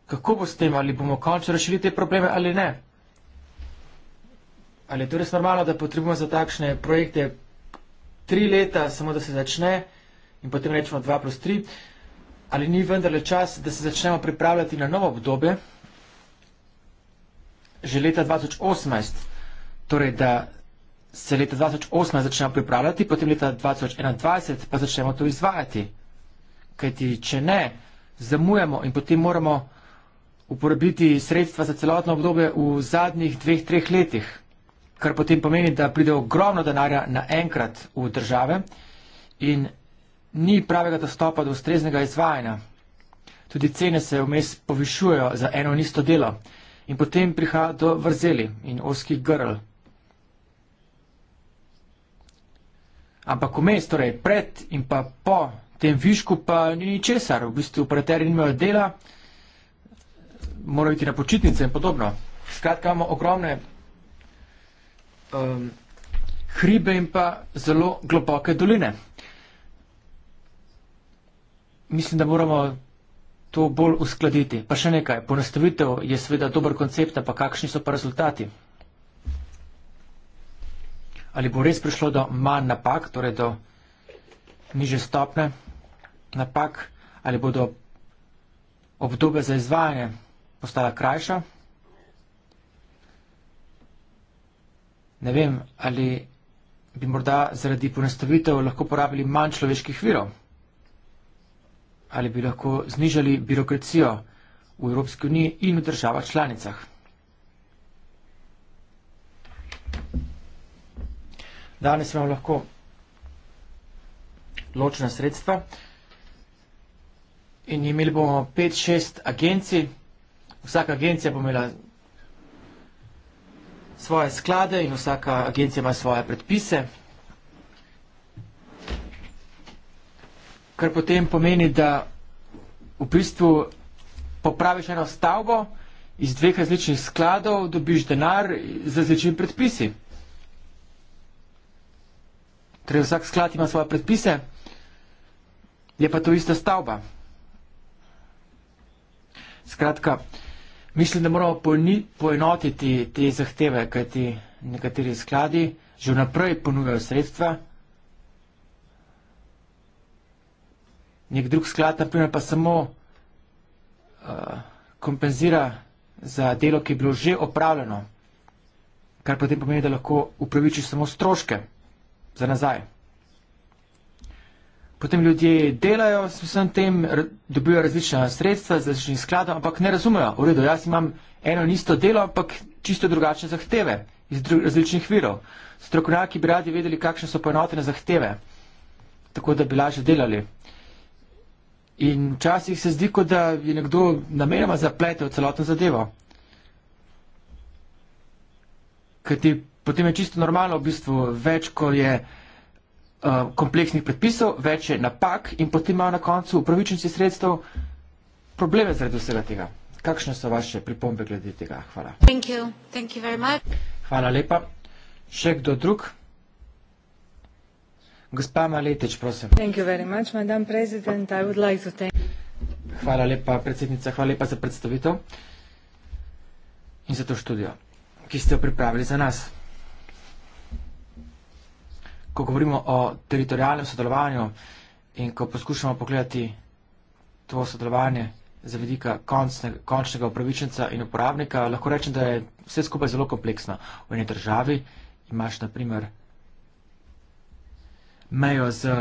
kako bo s tem, ali bomo končno rešili te probleme ali ne? Ali je to res normalno, da potrebujemo za takšne projekte tri leta, samo da se začne in potem rečemo 2 plus 3? Ali ni vendarle čas, da se začnemo pripravljati na novo obdobje, že leta 2018, torej da se leta 2018 začnemo pripravljati, potem leta 2021 pa začnemo to izvajati. Kajti, če ne, zamujamo in potem moramo uporabiti sredstva za celotno obdobje v zadnjih dveh, treh letih, kar potem pomeni, da pride ogromno denarja naenkrat v države in ni pravega dostopa do ustreznega izvajanja. Tudi cene se vmes povišujejo za eno in isto delo in potem prihaja do vrzeli in oskih grl. Ampak vmes, torej pred in pa po tem višku, pa ni ničesar. V bistvu operateri nimajo dela, morajo iti na počitnice in podobno. Skratka, imamo ogromne um, hribe in pa zelo globoke doline mislim, da moramo to bolj uskladiti. Pa še nekaj, ponastavitev je seveda dober koncept, pa kakšni so pa rezultati? Ali bo res prišlo do manj napak, torej do niže stopne napak, ali bodo obdobje za izvajanje postala krajša? Ne vem, ali bi morda zaradi ponastavitev lahko porabili manj človeških virov ali bi lahko znižali birokracijo v Evropski uniji in v državah članicah? Danes imamo lahko ločna sredstva in imeli bomo 5-6 agencij. Vsaka agencija bo imela svoje sklade in vsaka agencija ima svoje predpise. kar potem pomeni, da v bistvu popraviš eno stavbo iz dveh različnih skladov, dobiš denar z različnimi predpisi. Torej vsak sklad ima svoje predpise, je pa to ista stavba. Skratka, mislim, da moramo poenotiti te zahteve, kajti nekateri skladi že vnaprej ponujajo sredstva. nek drug sklad, naprimer, pa samo uh, kompenzira za delo, ki je bilo že opravljeno, kar potem pomeni, da lahko upraviči samo stroške za nazaj. Potem ljudje delajo s vsem tem, dobijo različna sredstva z različnim skladom, ampak ne razumejo. V redu, jaz imam eno in isto delo, ampak čisto drugačne zahteve iz dru različnih virov. Strokovnjaki bi radi vedeli, kakšne so poenotene zahteve, tako da bi lažje delali. In včasih se zdi, kot da je nekdo namenoma zapletel celotno zadevo. Ker ti potem je čisto normalno, v bistvu, več, ko je uh, kompleksnih predpisov, več je napak in potem imajo na koncu upravičenci sredstev probleme zaradi vsega tega. Kakšne so vaše pripombe glede tega? Hvala. Thank you. Thank you Hvala lepa. Še kdo drug? Gospa Maletič, prosim. Hvala lepa, predsednica, hvala lepa za predstavitev in za to študijo, ki ste jo pripravili za nas. Ko govorimo o teritorijalnem sodelovanju in ko poskušamo pogledati to sodelovanje za vidika končnega upravičenca in uporabnika, lahko rečem, da je vse skupaj zelo kompleksno. V eni državi imaš, na primer, mejo z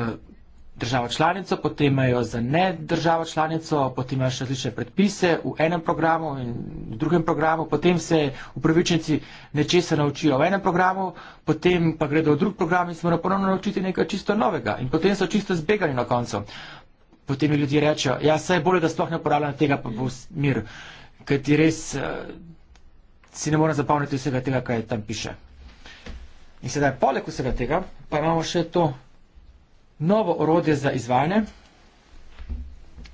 državo članico, potem mejo z ne državo članico, potem imaš različne predpise v enem programu in v drugem programu, potem se upravičenci nečesa naučijo v enem programu, potem pa gredo v drug program in se morajo ponovno naučiti nekaj čisto novega in potem so čisto zbegani na koncu. Potem mi ljudje rečejo, ja, saj je bolje, da sploh ne uporabljam tega, pa bo mir, ker ti res uh, si ne morem zapomniti vsega tega, kaj tam piše. In sedaj, poleg vsega tega, pa imamo še to novo orodje za izvajanje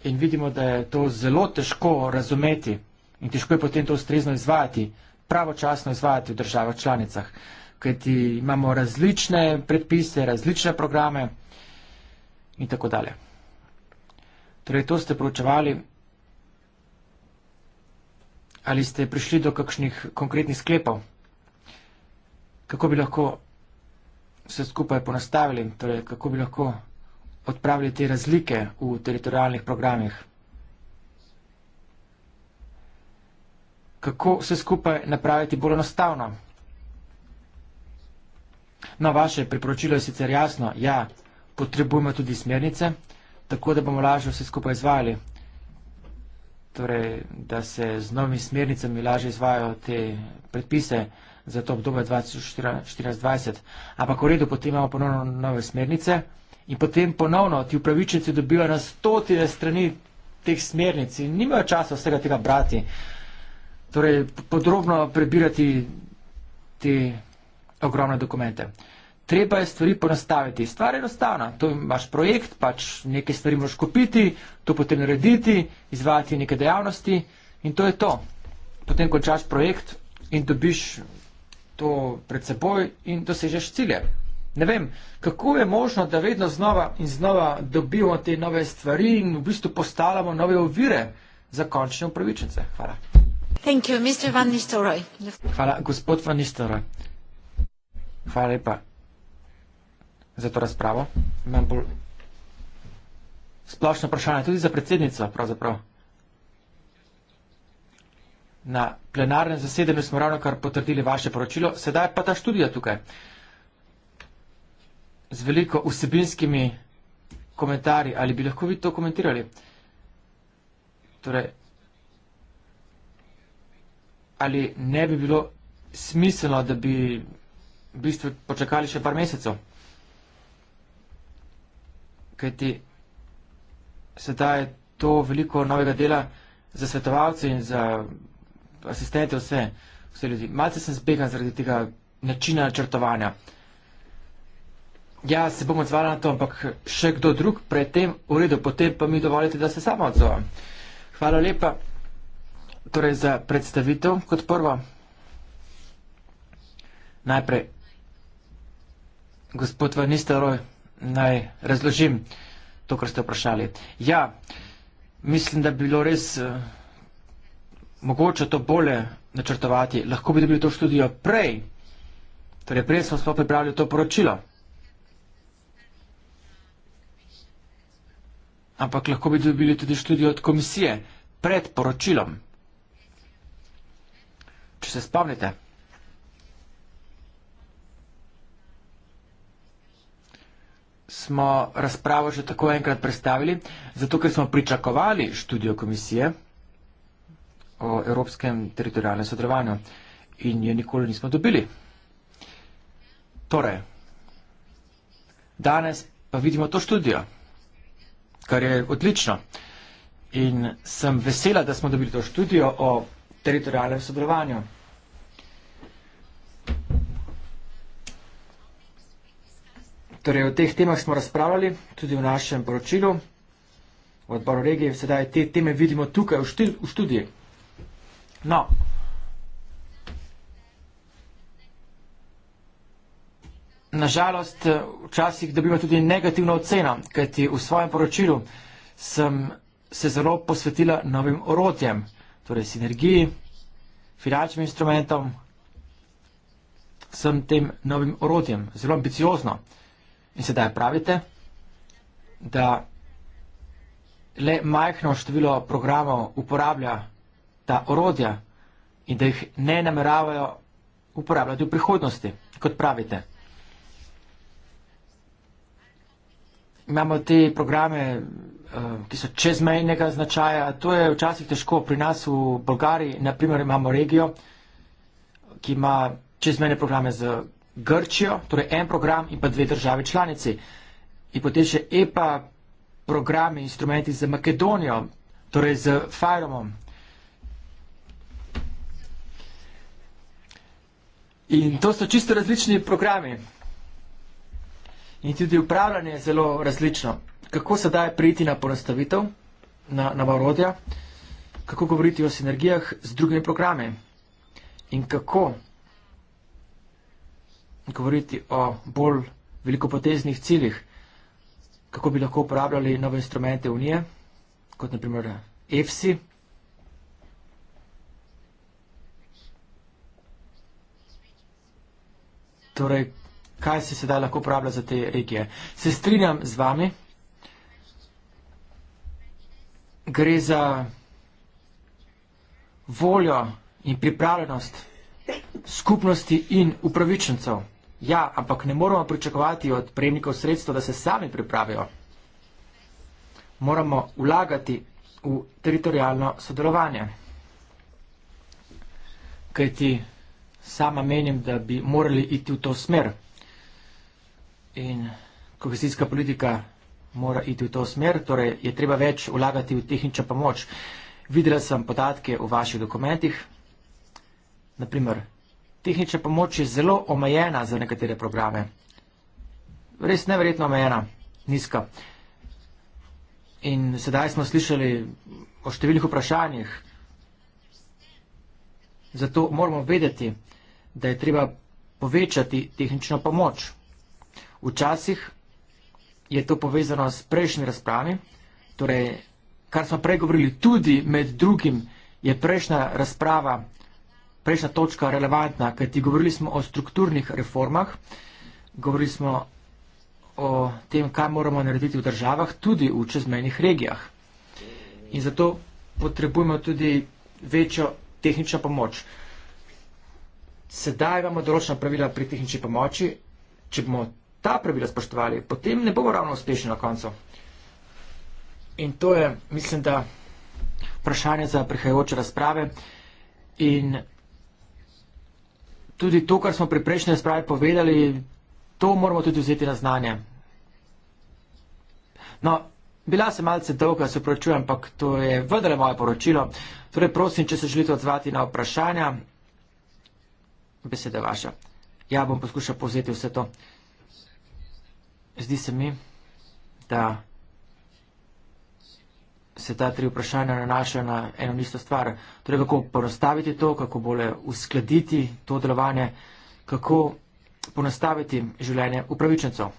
in vidimo, da je to zelo težko razumeti in težko je potem to ustrezno izvajati, pravočasno izvajati v državah članicah, kajti imamo različne predpise, različne programe in tako dalje. Torej, to ste proučevali. Ali ste prišli do kakšnih konkretnih sklepov? Kako bi lahko vse skupaj ponastavili, torej kako bi lahko odpravili te razlike v teritorijalnih programih? Kako vse skupaj napraviti bolj enostavno? No, vaše priporočilo je sicer jasno, ja, potrebujemo tudi smernice, tako da bomo lažje vse skupaj izvajali. Torej, da se z novimi smernicami lažje izvajo te predpise za to obdobje 2024-2020. Ampak v redu, potem imamo ponovno nove smernice in potem ponovno ti upravičenci dobijo na stotine strani teh smernic in nimajo časa vsega tega brati. Torej, podrobno prebirati te ogromne dokumente. Treba je stvari ponastaviti. Stvar je enostavna. To imaš projekt, pač nekaj stvari moraš kupiti, to potem narediti, izvajati neke dejavnosti in to je to. Potem končaš projekt in dobiš to pred seboj in dosežeš cilje. Ne vem, kako je možno, da vedno znova in znova dobivamo te nove stvari in v bistvu postalamo nove ovire za končne upravičence. Hvala. You, Hvala, gospod Van Nistelrooy. Hvala lepa za to razpravo. Imam bolj splošno vprašanje, tudi za predsednico, pravzaprav. Na plenarnem zasedanju smo ravno kar potrdili vaše poročilo, sedaj pa ta študija tukaj. Z veliko vsebinskimi komentarji, ali bi lahko vi to komentirali? Torej, ali ne bi bilo smiselno, da bi v bistvu počakali še par mesecev? Kajti sedaj je to veliko novega dela za svetovalce in za asistente, vse, vse ljudi. Malce sem zbegan zaradi tega načina načrtovanja. Ja, se bom odzvala na to, ampak še kdo drug predtem v redu, potem pa mi dovolite, da se sama odzovem. Hvala lepa torej za predstavitev kot prvo. Najprej, gospod Vanistaroj, naj razložim to, kar ste vprašali. Ja, mislim, da bi bilo res. Uh, mogoče to bolje načrtovati, lahko bi dobil to študijo prej. Torej, prej smo sploh pripravili to poročilo. Ampak lahko bi dobili tudi študijo od komisije pred poročilom. Če se spomnite. smo razpravo že tako enkrat predstavili, zato ker smo pričakovali študijo komisije o evropskem teritorijalnem sodelovanju in je nikoli nismo dobili. Torej, danes pa vidimo to študijo, kar je odlično. In sem vesela, da smo dobili to študijo o teritorijalnem sodelovanju. Torej, o teh temah smo razpravljali tudi v našem poročilu v odboru regije. Sedaj te teme vidimo tukaj v študiji. No. Nažalost, včasih dobiva tudi negativno oceno, kajti v svojem poročilu sem se zelo posvetila novim orodjem, torej sinergiji, finančnim instrumentom, sem tem novim orodjem, zelo ambiciozno. In sedaj pravite, da le majhno število programov uporablja ta orodja in da jih ne nameravajo uporabljati v prihodnosti, kot pravite. Imamo te programe, eh, ki so čezmejnega značaja. To je včasih težko. Pri nas v Bolgariji, naprimer, imamo regijo, ki ima čezmejne programe z Grčijo, torej en program in pa dve države članici. In potem še EPA programi, instrumenti za Makedonijo, torej z Fajromom, In to so čisto različni programi. In tudi upravljanje je zelo različno. Kako se daje priti na ponastavitev, na, na orodja, kako govoriti o sinergijah z drugimi programi in kako govoriti o bolj velikopoteznih ciljih, kako bi lahko uporabljali nove instrumente Unije, kot naprimer EFSI. torej, kaj se sedaj lahko uporablja za te regije. Se strinjam z vami, gre za voljo in pripravljenost skupnosti in upravičencev. Ja, ampak ne moramo pričakovati od prejemnikov sredstva, da se sami pripravijo. Moramo vlagati v teritorijalno sodelovanje. Kajti sama menim, da bi morali iti v to smer. In kohezijska politika mora iti v to smer, torej je treba več vlagati v tehnično pomoč. Videla sem podatke v vaših dokumentih. Naprimer, tehnična pomoč je zelo omejena za nekatere programe. Res neverjetno omejena, nizka. In sedaj smo slišali o številnih vprašanjih, Zato moramo vedeti, da je treba povečati tehnično pomoč. Včasih je to povezano s prejšnjimi razpravami, torej, kar smo prej govorili, tudi med drugim je prejšnja razprava, prejšnja točka relevantna, kajti govorili smo o strukturnih reformah, govorili smo o tem, kaj moramo narediti v državah, tudi v čezmejnih regijah. In zato potrebujemo tudi večjo tehnična pomoč. Sedaj imamo določena pravila pri tehnični pomoči. Če bomo ta pravila spoštovali, potem ne bomo ravno uspešni na koncu. In to je, mislim, da vprašanje za prihajajoče razprave. In tudi to, kar smo pri prejšnji razpravi povedali, to moramo tudi vzeti na znanje. No, Bila sem malce dolga, se pravčujem, ampak to je vendarle moje poročilo. Torej, prosim, če se želite odzvati na vprašanja, beseda vaša. Ja, bom poskušal povzeti vse to. Zdi se mi, da se ta tri vprašanja nanašajo na eno isto stvar. Torej, kako ponostaviti to, kako bolje uskladiti to delovanje, kako ponostaviti življenje upravičencov.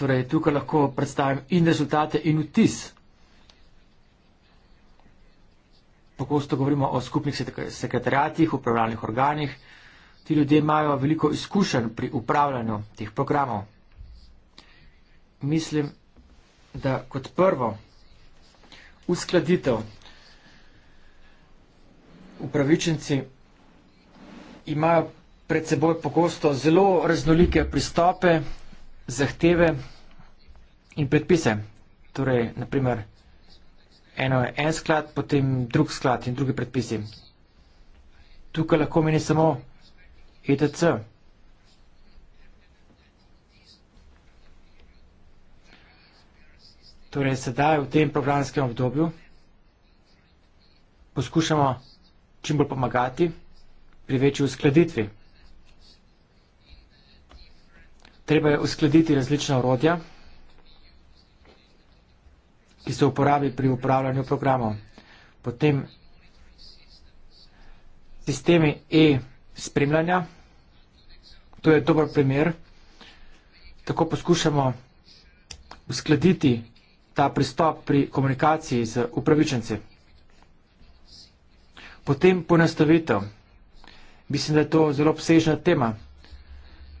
Torej, tukaj lahko predstavim in rezultate, in vtis. Pogosto govorimo o skupnih sekretarjatih, upravljalnih organih. Ti ljudje imajo veliko izkušenj pri upravljanju teh programov. Mislim, da kot prvo, uskladitev. Upravičenci imajo pred seboj pogosto zelo raznolike pristope, zahteve in predpise. Torej, naprimer, eno je en sklad, potem drug sklad in drugi predpisi. Tukaj lahko meni samo ETC. Torej, sedaj v tem programskem obdobju poskušamo čim bolj pomagati pri večji uskladitvi. treba je uskladiti različna orodja, ki se uporabi pri upravljanju programov. Potem sistemi e-spremljanja, to je dober primer, tako poskušamo uskladiti ta pristop pri komunikaciji z upravičenci. Potem ponastavitev. Mislim, da je to zelo obsežna tema.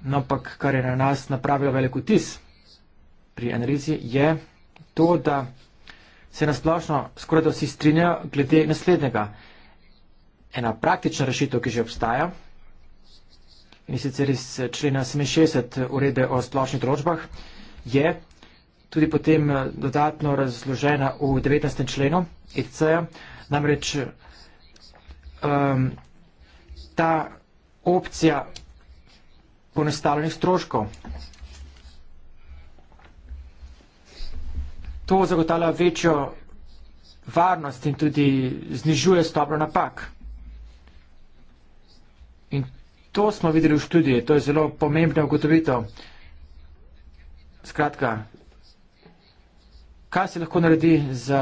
No, ampak kar je na nas napravilo velik vtis pri analizi, je to, da se nasplošno skoraj da vsi strinjajo glede naslednjega. Ena praktična rešitev, ki že obstaja, in sicer iz eh, člena 67 urede o splošnih določbah, je tudi potem eh, dodatno razložena v 19. členu ECA, namreč um, ta opcija ponestavljenih stroškov. To zagotavlja večjo varnost in tudi znižuje stopno napak. In to smo videli v študiji, to je zelo pomembna ugotovitev. Skratka, kaj se lahko naredi za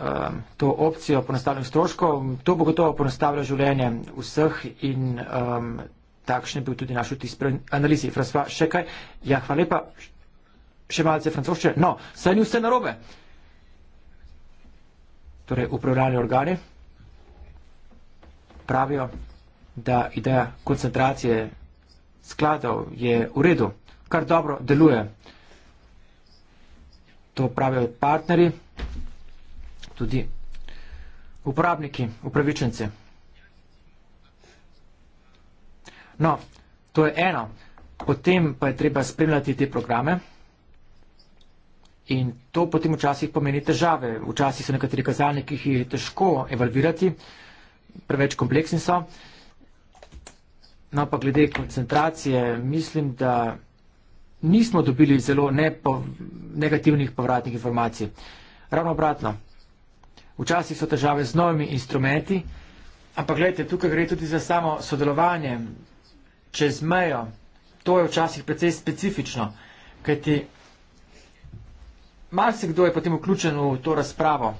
um, to opcijo ponastavljanja stroškov? To bo gotovo ponastavljalo življenje vseh in um, takšne bil tudi naš vtis pri analizi. Franswa, še kaj? Ja, hvala lepa. Še malce francoščine. No, saj ni vse narobe. Torej, upravljalni organi pravijo, da ideja koncentracije skladov je v redu, kar dobro deluje. To pravijo partnerji, tudi uporabniki, upravičenci. No, to je eno. Potem pa je treba spremljati te programe in to potem včasih pomeni težave. Včasih so nekateri kazalniki, ki jih je težko evalvirati, preveč kompleksni so. No, pa glede koncentracije, mislim, da nismo dobili zelo nepo, negativnih povratnih informacij. Ravno obratno. Včasih so težave z novimi instrumenti, ampak gledajte, tukaj gre tudi za samo sodelovanje čez mejo. To je včasih precej specifično, kajti marsikdo je potem vključen v to razpravo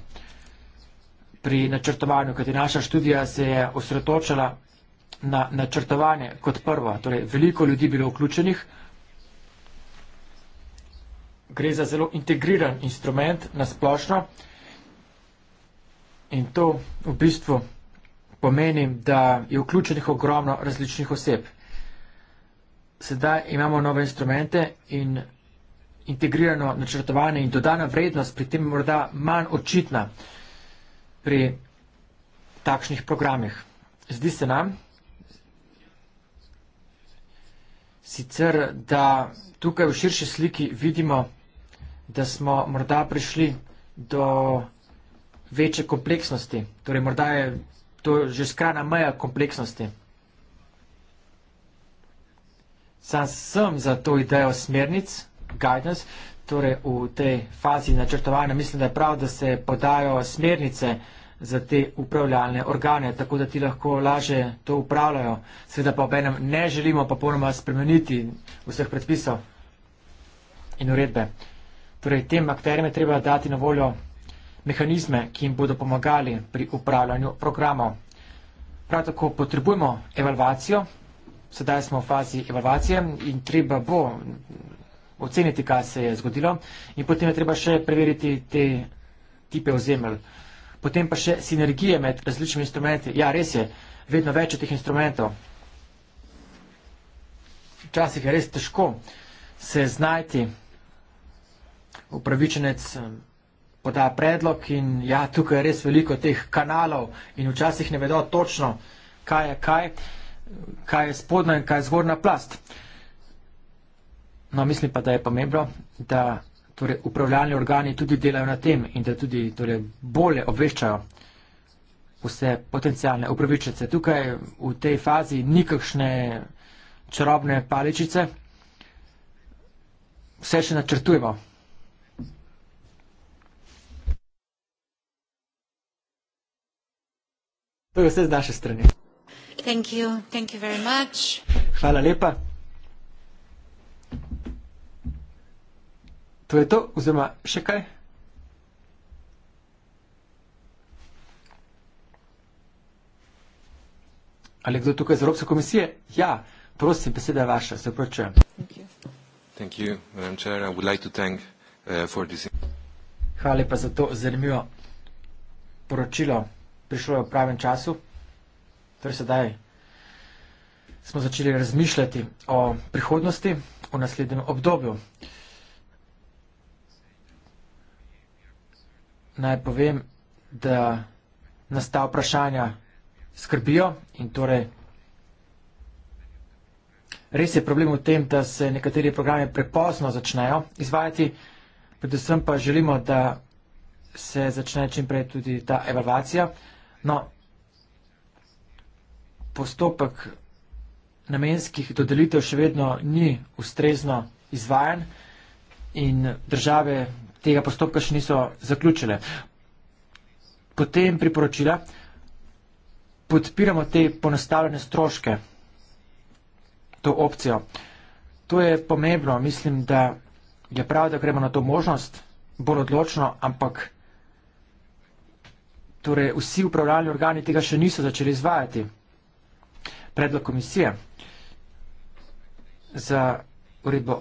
pri načrtovanju, kajti naša študija se je osredotočala na načrtovanje kot prvo. Torej, veliko ljudi bilo vključenih. Gre za zelo integriran instrument na splošno. In to v bistvu pomeni, da je vključenih ogromno različnih oseb sedaj imamo nove instrumente in integrirano načrtovanje in dodana vrednost pri tem morda manj očitna pri takšnih programih. Zdi se nam sicer, da tukaj v širši sliki vidimo, da smo morda prišli do večje kompleksnosti, torej morda je to že skrana meja kompleksnosti. Sam sem za to idejo smernic, guidance, torej v tej fazi načrtovanja mislim, da je prav, da se podajo smernice za te upravljalne organe, tako da ti lahko laže to upravljajo. Sveda pa ob enem ne želimo popolnoma spremeniti vseh predpisov in uredbe. Torej, tem akterjem je treba dati na voljo mehanizme, ki jim bodo pomagali pri upravljanju programov. Prav tako potrebujemo evalvacijo sedaj smo v fazi evalvacije in treba bo oceniti, kaj se je zgodilo in potem je treba še preveriti te tipe ozemelj. Potem pa še sinergije med različnimi instrumenti. Ja, res je, vedno več je teh instrumentov. Včasih je res težko se znajti. Upravičenec eh, poda predlog in ja, tukaj je res veliko teh kanalov in včasih ne vedo točno, kaj je kaj kaj je spodna in kaj je zgornja plast. No, mislim pa, da je pomembno, da torej, upravljalni organi tudi delajo na tem in da tudi torej, bolje obveščajo vse potencijalne upravičice. Tukaj v tej fazi nikakšne čarobne paličice, vse še načrtujemo. To je vse z naše strani. Thank you. Thank you very much. Hvala lepa. To je to, oziroma še kaj? Ali je kdo tukaj iz Evropske komisije? Ja, prosim, beseda je vaša, se opravičujem. Uh, Hvala lepa za to zanimivo poročilo. Prišlo je v pravem času. Torej sedaj smo začeli razmišljati o prihodnosti, o naslednjem obdobju. Naj povem, da nas ta vprašanja skrbijo in torej res je problem v tem, da se nekateri programe prepozno začnejo izvajati, predvsem pa želimo, da se začne čimprej tudi ta evalvacija. No, postopek namenskih dodelitev še vedno ni ustrezno izvajan in države tega postopka še niso zaključile. Potem priporočila podpiramo te ponostavljene stroške, to opcijo. To je pomembno, mislim, da je prav, da gremo na to možnost, bolj odločno, ampak torej, vsi upravljalni organi tega še niso začeli izvajati predlog komisije za uredbo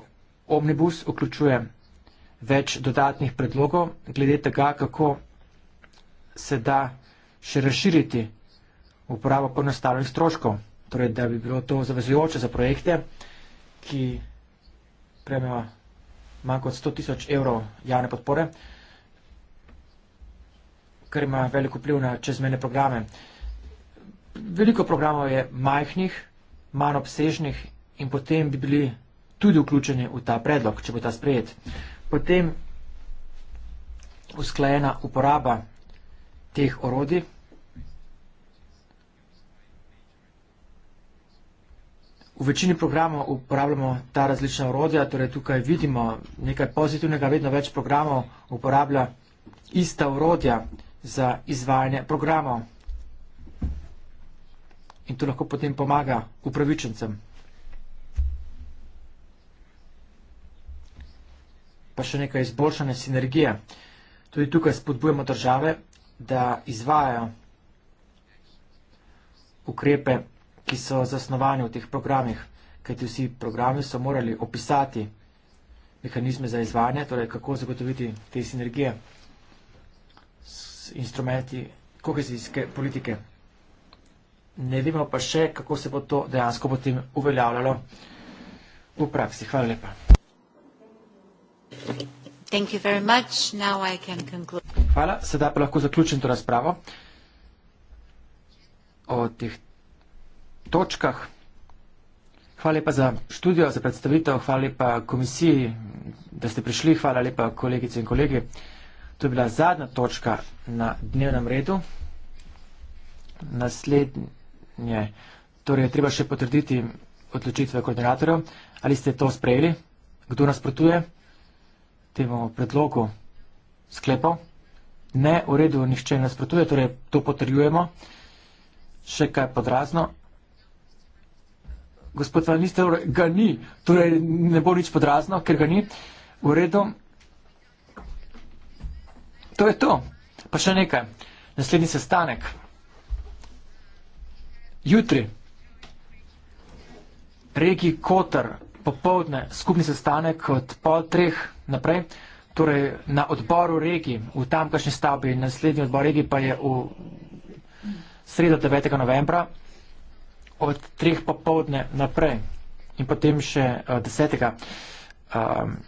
Omnibus vključuje več dodatnih predlogov glede tega, kako se da še razširiti uporabo ponostavljenih stroškov, torej da bi bilo to zavezujoče za projekte, ki prejmejo manj kot 100 tisoč evrov javne podpore, kar ima veliko vpliv na čezmene programe. Veliko programov je majhnih, manj obsežnih in potem bi bili tudi vključeni v ta predlog, če bo ta sprejet. Potem usklajena uporaba teh orodij. V večini programov uporabljamo ta različna orodja, torej tukaj vidimo nekaj pozitivnega, vedno več programov uporablja ista orodja za izvajanje programov in to lahko potem pomaga upravičencem. Pa še nekaj izboljšane sinergije. Tudi tukaj spodbujamo države, da izvajajo ukrepe, ki so zasnovani v teh programih, kajti vsi programi so morali opisati mehanizme za izvajanje, torej kako zagotoviti te sinergije s instrumenti kohezijske politike ne vemo pa še, kako se bo to dejansko potem uveljavljalo v praksi. Hvala lepa. Hvala, sedaj pa lahko zaključim to razpravo o teh točkah. Hvala lepa za študijo, za predstavitev, hvala lepa komisiji, da ste prišli, hvala lepa kolegice in kolegi. To je bila zadnja točka na dnevnem redu. Naslednji. Nje. Torej, treba še potrditi odločitve koordinatorjev. Ali ste to sprejeli? Kdo nasprotuje temu predlogu sklepov? Ne, v redu, nihče nasprotuje, torej to potrjujemo. Še kaj podrazno. Gospod Vanister, ga ni, torej ne bo nič podrazno, ker ga ni. V redu. To je to. Pa še nekaj. Naslednji sestanek. Jutri, reki Kotr, popovdne, skupni sestanek od pol treh naprej, torej na odboru regi, v tamkajšnji stavbi, naslednji odbor regi pa je v sredo 9. novembra, od treh popovdne naprej in potem še uh, desetega um,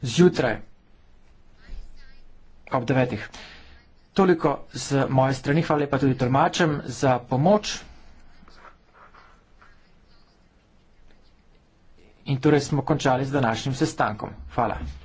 zjutraj ob devetih. Toliko z moje strani, hvala lepa tudi tolmačem za pomoč. In torej smo končali z današnjim sestankom. Hvala.